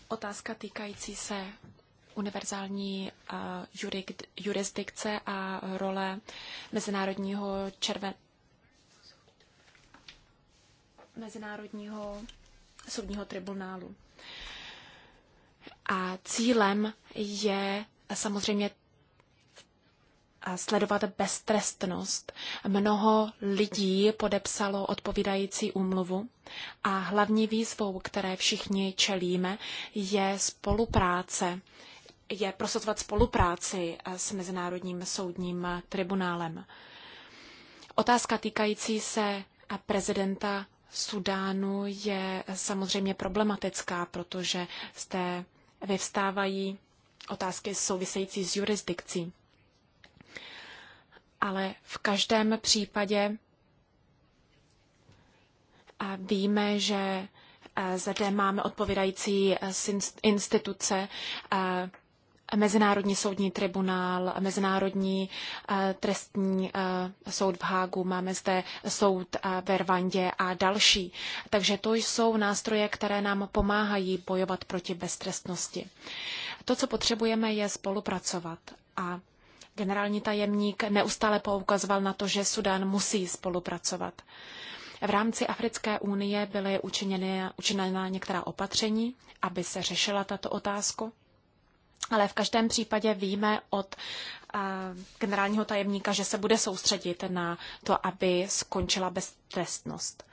Otázka týkající se univerzální uh, jurisdikce a role Mezinárodního červen... Mezinárodního soudního tribunálu. A cílem je samozřejmě sledovat beztrestnost. Mnoho lidí podepsalo odpovídající úmluvu a hlavní výzvou, které všichni čelíme, je spolupráce je prosazovat spolupráci s Mezinárodním soudním tribunálem. Otázka týkající se prezidenta Sudánu je samozřejmě problematická, protože zde vyvstávají otázky související s jurisdikcí ale v každém případě víme, že zde máme odpovídající instituce, Mezinárodní soudní tribunál, Mezinárodní trestní soud v Hágu, máme zde soud ve Rwandě a další. Takže to jsou nástroje, které nám pomáhají bojovat proti beztrestnosti. To, co potřebujeme, je spolupracovat a Generální tajemník neustále poukazoval na to, že Sudán musí spolupracovat. V rámci Africké unie byly učiněny, učiněna některá opatření, aby se řešila tato otázka. Ale v každém případě víme od generálního tajemníka, že se bude soustředit na to, aby skončila beztrestnost.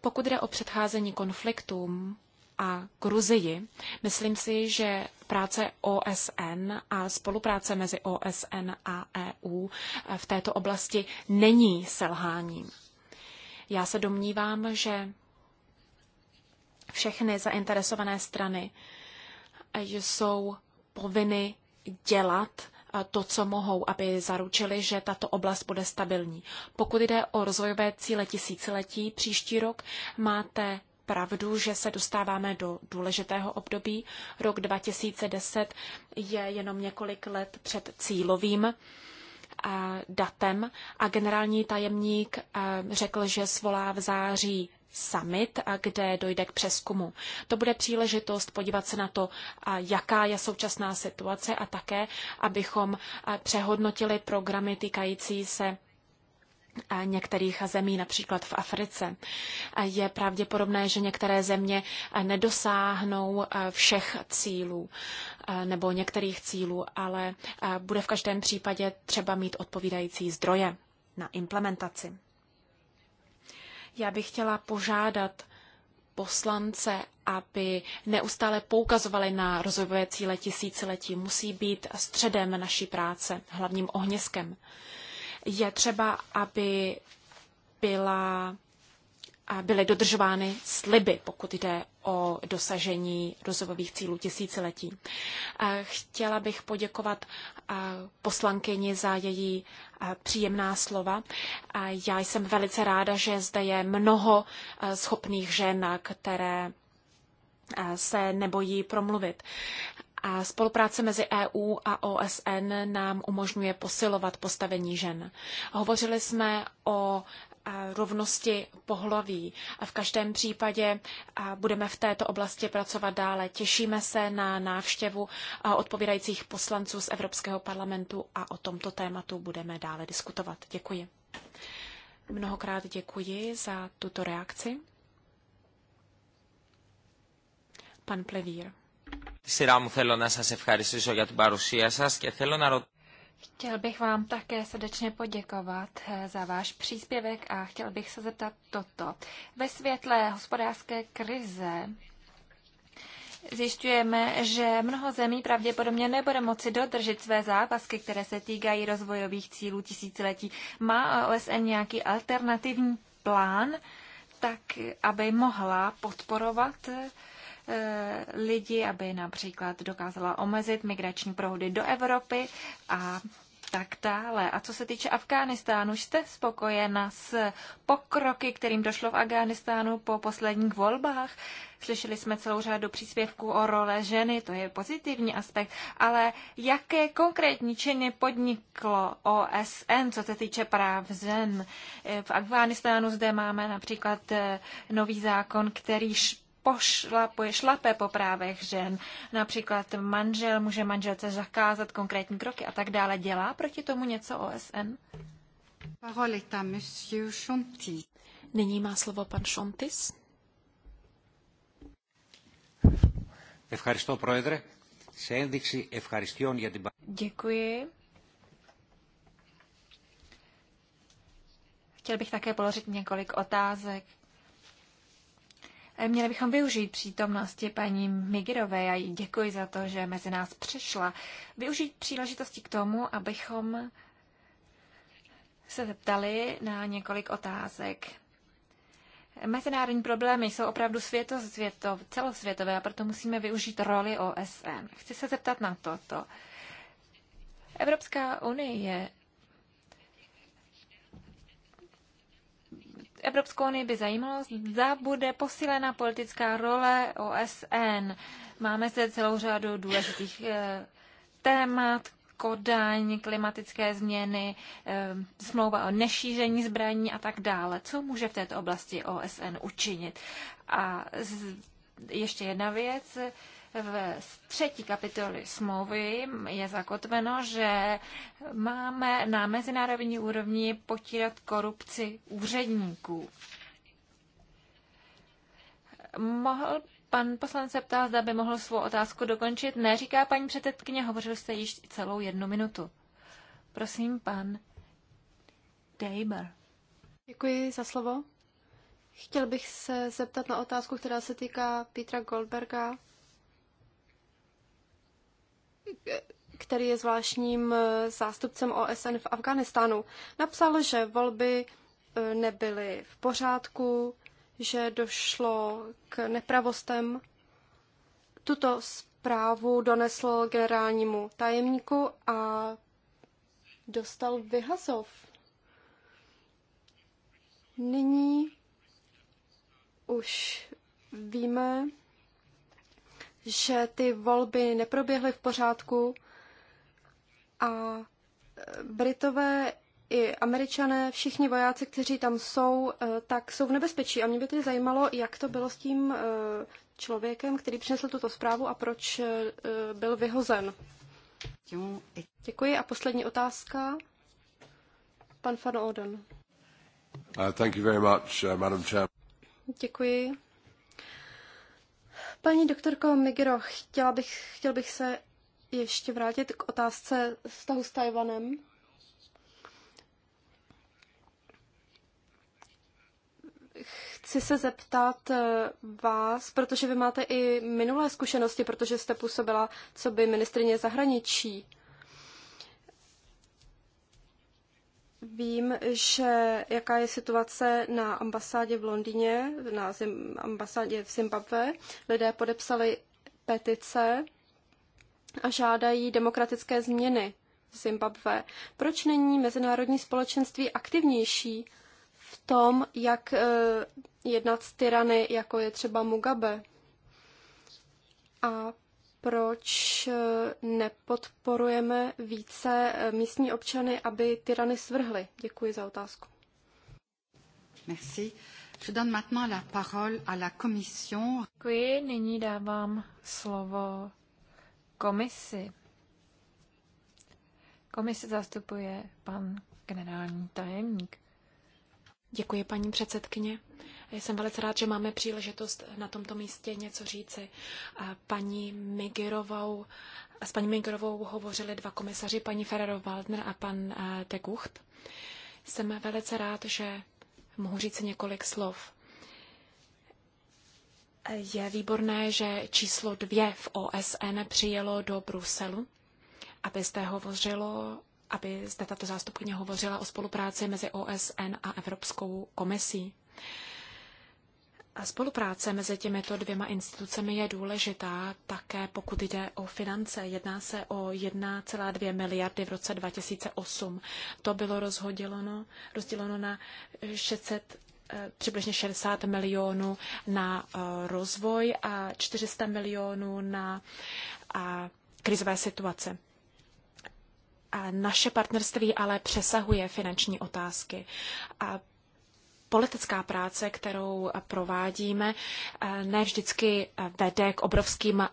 Pokud jde o předcházení konfliktům, a Gruzii. Myslím si, že práce OSN a spolupráce mezi OSN a EU v této oblasti není selháním. Já se domnívám, že všechny zainteresované strany eh, jsou povinny dělat eh, to, co mohou, aby zaručili, že tato oblast bude stabilní. Pokud jde o rozvojové cíle tisíciletí, příští rok máte pravdu, že se dostáváme do důležitého období. Rok 2010 je jenom několik let před cílovým eh, datem a generální tajemník eh, řekl, že svolá v září summit, eh, kde dojde k přeskumu. To bude příležitost podívat se na to, jaká je současná situace a také, abychom přehodnotili programy týkající se některých zemí, například v Africe. Je pravděpodobné, že některé země nedosáhnou eh, všech cílů eh, nebo některých cílů, ale eh, bude v každém případě třeba mít odpovídající zdroje na implementaci. Já bych chtěla požádat poslance, aby neustále poukazovali na rozvojové cíle tisíciletí. Musí být středem naší práce, hlavním ohniskem. Je třeba, aby byla, byly dodržovány sliby, pokud jde o dosažení rozvojových cílů tisíciletí. Chtěla bych poděkovat poslankyni za její příjemná slova. Já jsem velice ráda, že zde je mnoho schopných žen, které se nebojí promluvit. A spolupráce mezi EU a OSN nám umožňuje posilovat postavení žen. Hovořili jsme o e, rovnosti pohlaví. V každém případě e, budeme v této oblasti pracovat dále. Těšíme se na návštěvu e, odpovídajících poslanců z Evropského parlamentu a o tomto tématu budeme dále diskutovat. Děkuji. Mnohokrát děkuji za tuto reakci. Pan Plevír. Τη σειρά μου θέλω να σας ευχαριστήσω για την παρουσία σας και θέλω να ρωτήσω Chtěl bych vám také srdečně poděkovat eh, za váš příspěvek a chtěl bych se zeptat toto. Ve světle hospodářské krize zjišťujeme, že mnoho zemí pravděpodobně nebude moci dodržet své závazky, které se týkají rozvojových cílů tisíciletí. Má OSN nějaký alternativní plán, tak aby mohla podporovat eh, Eh, lidi, aby například dokázala omezit migrační proudy do Evropy a tak dále. A co se týče Afghánistánu, jste spokojena s pokroky, kterým došlo v Afghánistánu po posledních volbách? Slyšeli jsme celou řadu příspěvků o role ženy, to je pozitivní aspekt, ale jaké konkrétní činy podniklo OSN, co se týče práv žen? Eh, v Afghánistánu zde máme například eh, nový zákon, který pošlapuje, šlapé po právech žen. Například manžel může manželce zakázat konkrétní kroky a tak dále. Dělá proti tomu něco OSN? monsieur Chontis. Nyní má slovo pan Šontis. για Děkuji. Chtěl bych také položit několik otázek Měli bychom využít přítomnosti paní Migirové, já jí děkuji za to, že mezi nás přišla, využít příležitosti k tomu, abychom se zeptali na několik otázek. Mezinárodní problémy jsou opravdu světo, světo, celosvětové a proto musíme využít roli OSN. Chci se zeptat na toto. Evropská unie Evropskou unii by zajímalo, zda bude posílena politická role OSN. Máme zde celou řadu důležitých eh, témat, Kodaň, klimatické změny, eh, smlouva o nešíření zbraní a tak dále. Co může v této oblasti OSN učinit? A ještě jedna věc v třetí kapitoly smlouvy je zakotveno, že máme na mezinárodní úrovni potírat korupci úředníků. Mohl Pan poslanec se ptá, zda by mohl svou otázku dokončit. Ne, říká paní předsedkyně, hovořil jste již celou jednu minutu. Prosím, pan Dejber. Děkuji za slovo. Chtěl bych se zeptat na otázku, která se týká Petra Goldberga který je zvláštním eh, zástupcem OSN v Afganistánu, napsal, že volby eh, nebyly v pořádku, že došlo k nepravostem. Tuto zprávu donesl generálnímu tajemníku a dostal vyhazov. Nyní už víme, že ty volby neproběhly v pořádku a e, Britové i Američané, všichni vojáci, kteří tam jsou, e, tak jsou v nebezpečí. A mě by tedy zajímalo, jak to bylo s tím e, člověkem, který přinesl tuto zprávu a proč byl vyhozen. Děkuji. A poslední otázka. Pan Van Oden. Uh, thank you very much, uh, Madam Chair. Děkuji, Paní doktorko Migro, chtěla bych, chtěl bych se ještě vrátit k otázce vztahu s Tajvanem. Chci se zeptat eh, vás, protože vy máte i minulé zkušenosti, protože jste působila co by ministrině zahraničí. Vím, že jaká je situace na ambasádě v Londýně, na zim, ambasádě v Zimbabwe. Lidé podepsali petice a žádají demokratické změny v Zimbabwe. Proč není mezinárodní společenství aktivnější v tom, jak eh, jednat s tyrany, jako je třeba Mugabe? A proč eh, nepodporujeme více eh, místní občany, aby tyrany svrhly? Děkuji za otázku. Merci. Je donne maintenant la parole à la commission. Děkuji. Nyní dávám slovo komisi. Komisi zastupuje pan generální tajemník. Děkuji, paní předsedkyně. Jsem velice rád, že máme příležitost na tomto místě něco říci. Paní Migirovou, s paní Migirovou hovořili dva komisaři, paní Ferrero-Waldner a pan eh, de Gucht. Jsem velice rád, že mohu říct několik slov. Je výborné, že číslo dvě v OSN přijelo do Bruselu, aby zde hovořilo aby zde tato zástupkyně hovořila o spolupráci mezi OSN a Evropskou komisí. A spolupráce mezi těmito dvěma institucemi je důležitá také pokud jde o finance. Jedná se o 1,2 miliardy v roce 2008. To bylo rozhodileno, rozděleno na 600 eh, přibližně 60 milionů na eh, rozvoj a 400 milionů na krizové situace. A naše partnerství ale přesahuje finanční otázky. A politická práce, kterou provádíme, eh, ne vždycky eh, vede k obrovským eh,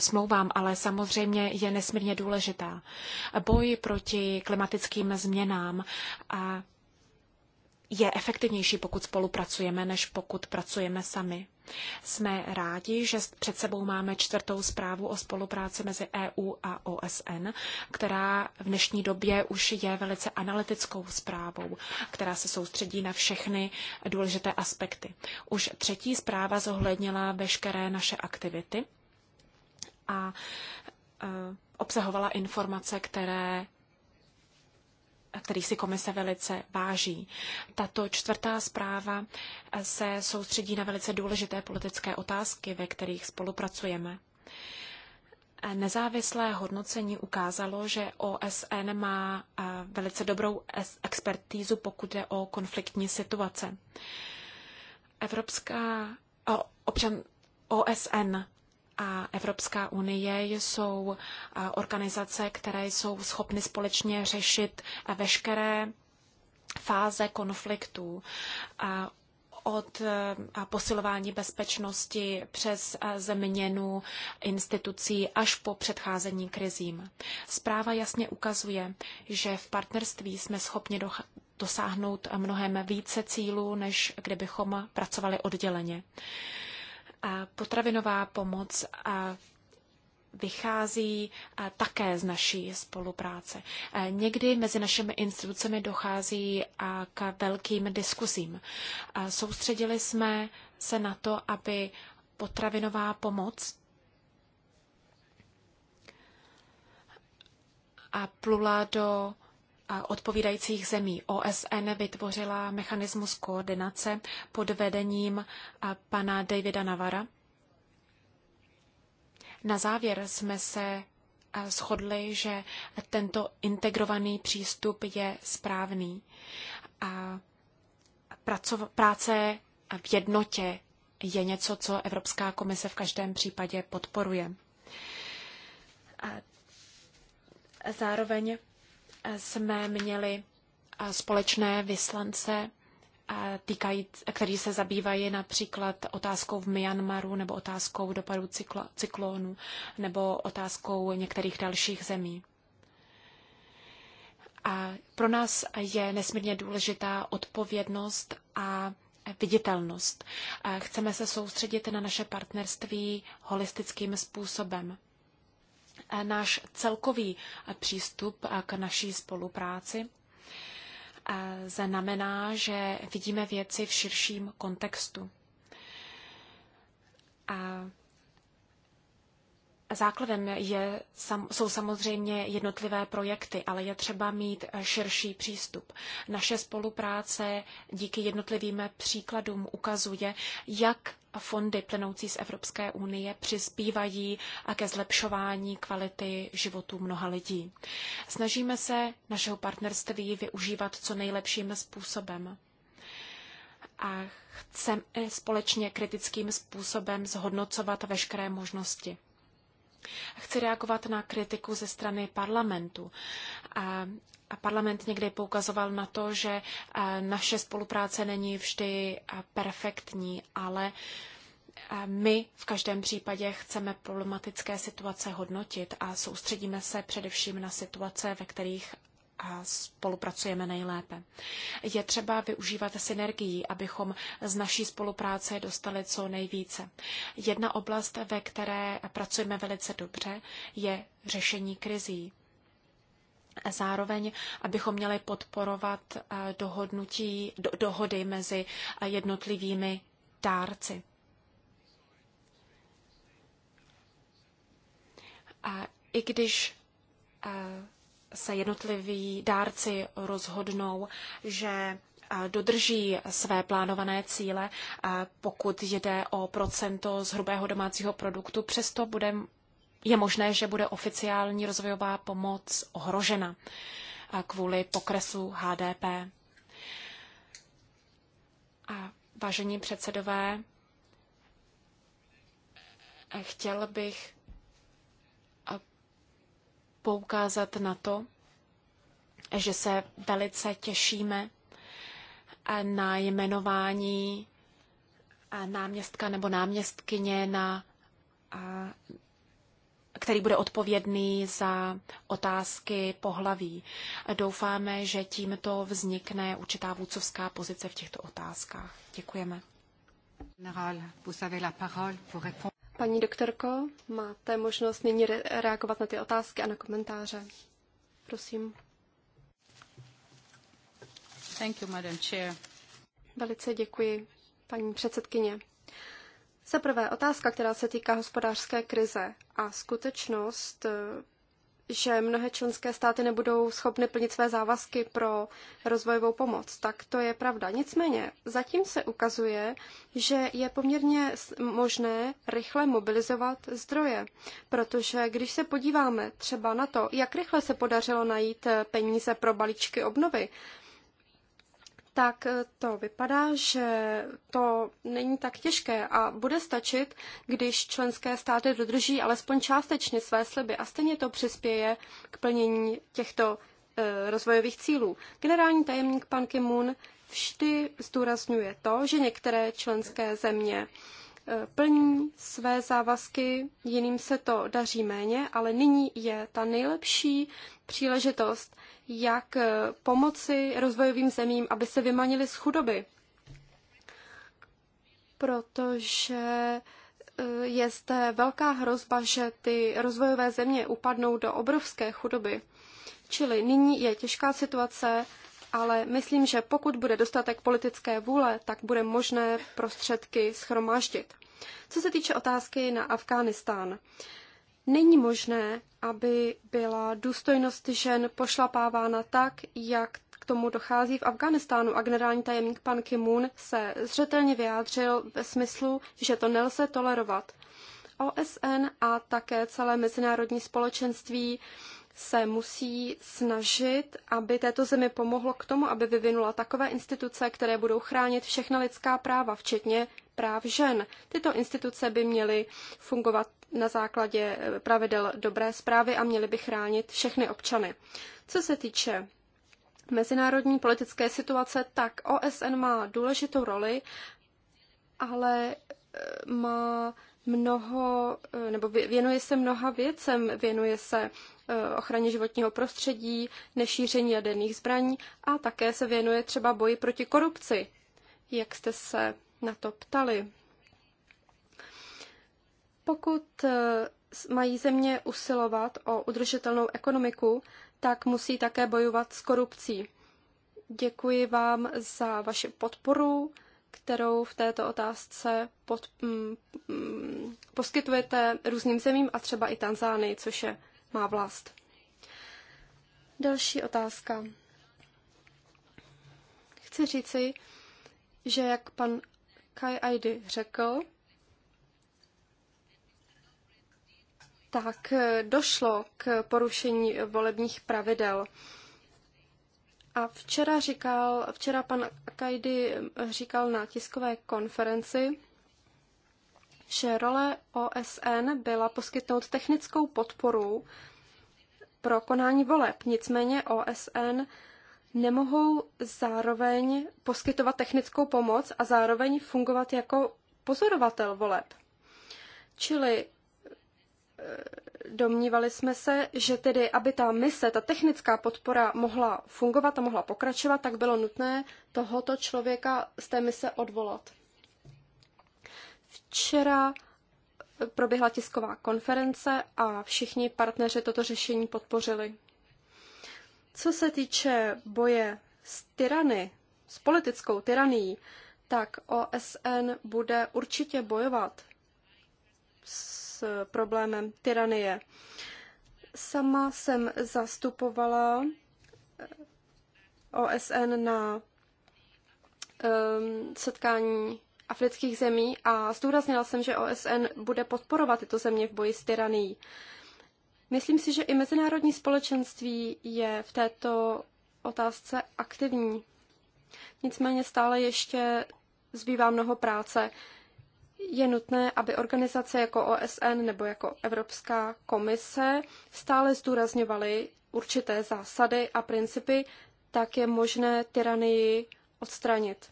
smlouvám, ale samozřejmě je nesmírně důležitá. Boj proti klimatickým změnám je efektivnější, pokud spolupracujeme, než pokud pracujeme sami. Jsme rádi, že před sebou máme čtvrtou zprávu o spolupráci mezi EU a OSN, která v dnešní době už je velice analytickou zprávou, která se soustředí na všechny důležité aspekty. Už třetí zpráva zohlednila veškeré naše aktivity a e, obsahovala informace, které který si komise velice váží. Tato čtvrtá zpráva se soustředí na velice důležité politické otázky, ve kterých spolupracujeme. Nezávislé hodnocení ukázalo, že OSN má eh, velice dobrou expertízu, pokud jde o konfliktní situace. Evropská občan OSN a Evropská unie jsou organizace, které jsou schopny společně řešit veškeré fáze konfliktů od posilování bezpečnosti přes změnu institucí až po předcházení krizím. Zpráva jasně ukazuje, že v partnerství jsme schopni dosáhnout mnohem více cílů, než kdybychom pracovali odděleně. Potravinová pomoc vychází také z naší spolupráce. Někdy mezi našimi institucemi dochází k velkým diskusím. Soustředili jsme se na to, aby potravinová pomoc a plula do odpovídajících zemí. OSN vytvořila mechanismus koordinace pod vedením pana Davida Navara. Na závěr jsme se shodli, že tento integrovaný přístup je správný. A práce v jednotě je něco, co Evropská komise v každém případě podporuje. A zároveň jsme měli společné vyslance, který se zabývají například otázkou v Myanmaru nebo otázkou cyklo, cyklónu nebo otázkou některých dalších zemí. A pro nás je nesmírně důležitá odpovědnost a viditelnost. Chceme se soustředit na naše partnerství holistickým způsobem náš celkový přístup k naší spolupráci znamená, že vidíme věci v širším kontextu. A Základem je, jsou samozřejmě jednotlivé projekty, ale je třeba mít širší přístup. Naše spolupráce díky jednotlivým příkladům ukazuje, jak fondy plynoucí z Evropské unie přispívají ke zlepšování kvality životů mnoha lidí. Snažíme se našeho partnerství využívat co nejlepším způsobem a chceme společně kritickým způsobem zhodnocovat veškeré možnosti. Chci reagovat na kritiku ze strany parlamentu. A a parlament někdy poukazoval na to, že naše spolupráce není vždy perfektní, ale my v každém případě chceme problematické situace hodnotit a soustředíme se především na situace, ve kterých spolupracujeme nejlépe. Je třeba využívat synergii, abychom z naší spolupráce dostali co nejvíce. Jedna oblast, ve které pracujeme velice dobře, je řešení krizí. Zároveň, abychom měli podporovat eh, dohodnutí, do, dohody mezi eh, jednotlivými dárci. A i když eh, se jednotliví dárci rozhodnou, že dodrží své plánované cíle, pokud jde o procento z hrubého domácího produktu, přesto bude, je možné, že bude oficiální rozvojová pomoc ohrožena kvůli pokresu HDP. A vážení předsedové, chtěl bych poukázat na to, že se velice těšíme na jmenování náměstka nebo náměstkyně na který bude odpovědný za otázky pohlaví. Doufáme, že tímto vznikne určitá vůcovská pozice v těchto otázkách. Děkujeme. Paní doktorko, máte možnost nyní reagovat na ty otázky a na komentáře. Prosím. Thank you, Madam Chair. Velice děkuji, paní předsedkyně. Za prvé, otázka, která se týká hospodářské krize a skutečnost že mnohé členské státy nebudou schopny plnit své závazky pro rozvojovou pomoc, tak to je pravda. Nicméně zatím se ukazuje, že je poměrně možné rychle mobilizovat zdroje, protože když se podíváme třeba na to, jak rychle se podařilo najít peníze pro balíčky obnovy, tak eh, to vypadá, že to není tak těžké a bude stačit, když členské státy dodrží alespoň částečně své sliby a stejně to přispěje k plnění těchto eh, rozvojových cílů. Generální tajemník pan Kim Moon vždy zdůrazňuje to, že některé členské země plní své závazky, jiným se to daří méně, ale nyní je ta nejlepší příležitost, jak eh, pomoci rozvojovým zemím, aby se vymanili z chudoby. Protože eh, je zde velká hrozba, že ty rozvojové země upadnou do obrovské chudoby. Čili nyní je těžká situace, ale myslím, že pokud bude dostatek politické vůle, tak bude možné prostředky schromáždit. Co se týče otázky na Afghánistán, není možné, aby byla důstojnost žen pošlapávána tak, jak k tomu dochází v Afganistánu a generální tajemník pan Kimun se zřetelně vyjádřil ve smyslu, že to nelze tolerovat. OSN a také celé mezinárodní společenství se musí snažit, aby této zemi pomohlo k tomu, aby vyvinula takové instituce, které budou chránit všechna lidská práva, včetně práv žen. Tyto instituce by měly fungovat na základě eh, pravidel dobré zprávy a měly by chránit všechny občany. Co se týče mezinárodní politické situace, tak OSN má důležitou roli, ale eh, má mnoho, eh, nebo věnuje se mnoha věcem, věnuje se Eh, ochraně životního prostředí, nešíření jaderných zbraní a také se věnuje třeba boji proti korupci, jak jste se na to ptali. Pokud eh, mají země usilovat o udržitelnou ekonomiku, tak musí také bojovat s korupcí. Děkuji vám za vaši podporu, kterou v této otázce pod, mm, mm poskytujete různým zemím a třeba i Tanzánii, což je má vlast. Další otázka. Chci říci, že jak pan Kai Aidy řekl, tak došlo k porušení volebních pravidel. A včera, říkal, včera pan Kajdy říkal na tiskové konferenci, že role OSN byla poskytnout technickou podporu pro konání voleb. Nicméně OSN nemohou zároveň poskytovat technickou pomoc a zároveň fungovat jako pozorovatel voleb. Čili e, domnívali jsme se, že tedy, aby ta mise, ta technická podpora mohla fungovat a mohla pokračovat, tak bylo nutné tohoto člověka z té mise odvolat. Včera proběhla tisková konference a všichni partneři toto řešení podpořili. Co se týče boje s tyrany, s politickou tyranií, tak OSN bude určitě bojovat s problémem tyranie. Sama jsem zastupovala eh, OSN na um, setkání afrických zemí a zdůraznila jsem, že OSN bude podporovat tyto země v boji s tyranií. Myslím si, že i mezinárodní společenství je v této otázce aktivní. Nicméně stále ještě zbývá mnoho práce. Je nutné, aby organizace jako OSN nebo jako Evropská komise stále zdůrazňovaly určité zásady a principy, tak je možné tyranii odstranit.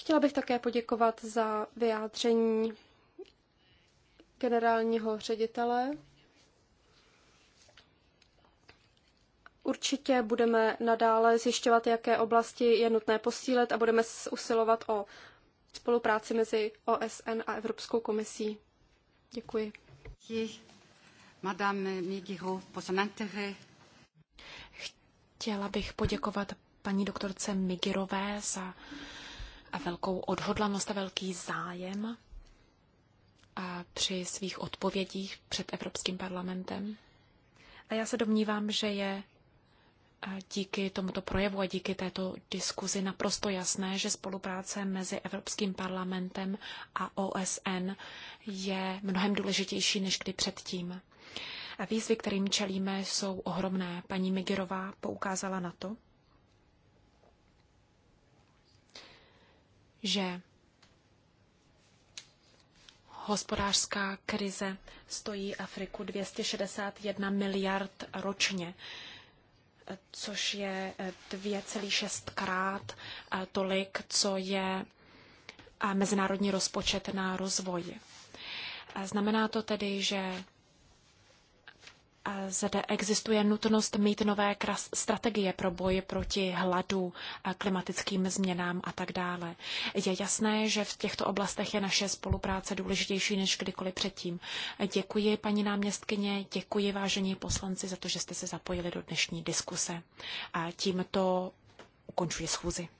Chtěla bych také poděkovat za vyjádření generálního ředitele. Určitě budeme nadále zjišťovat, jaké oblasti je nutné posílit a budeme usilovat o spolupráci mezi OSN a Evropskou komisí. Děkuji. Chtěla bych poděkovat paní doktorce Migirové za velkou odhodlanost a velký zájem a při svých odpovědích před Evropským parlamentem. A já se domnívám, že je díky tomuto projevu a díky této diskuzi naprosto jasné, že spolupráce mezi Evropským parlamentem a OSN je mnohem důležitější než kdy předtím. A výzvy, kterým čelíme, jsou ohromné. Paní Migirová poukázala na to, že hospodářská krize stojí Afriku 261 miliard ročně, což je 2,6 krát tolik, co je mezinárodní rozpočet na rozvoj. Znamená to tedy, že zde existuje nutnost mít nové strategie pro boj proti hladu, klimatickým změnám a tak dále. Je jasné, že v těchto oblastech je naše spolupráce důležitější než kdykoliv předtím. Děkuji, paní náměstkyně, děkuji, vážení poslanci, za to, že jste se zapojili do dnešní diskuse. A tímto ukončuji schůzi.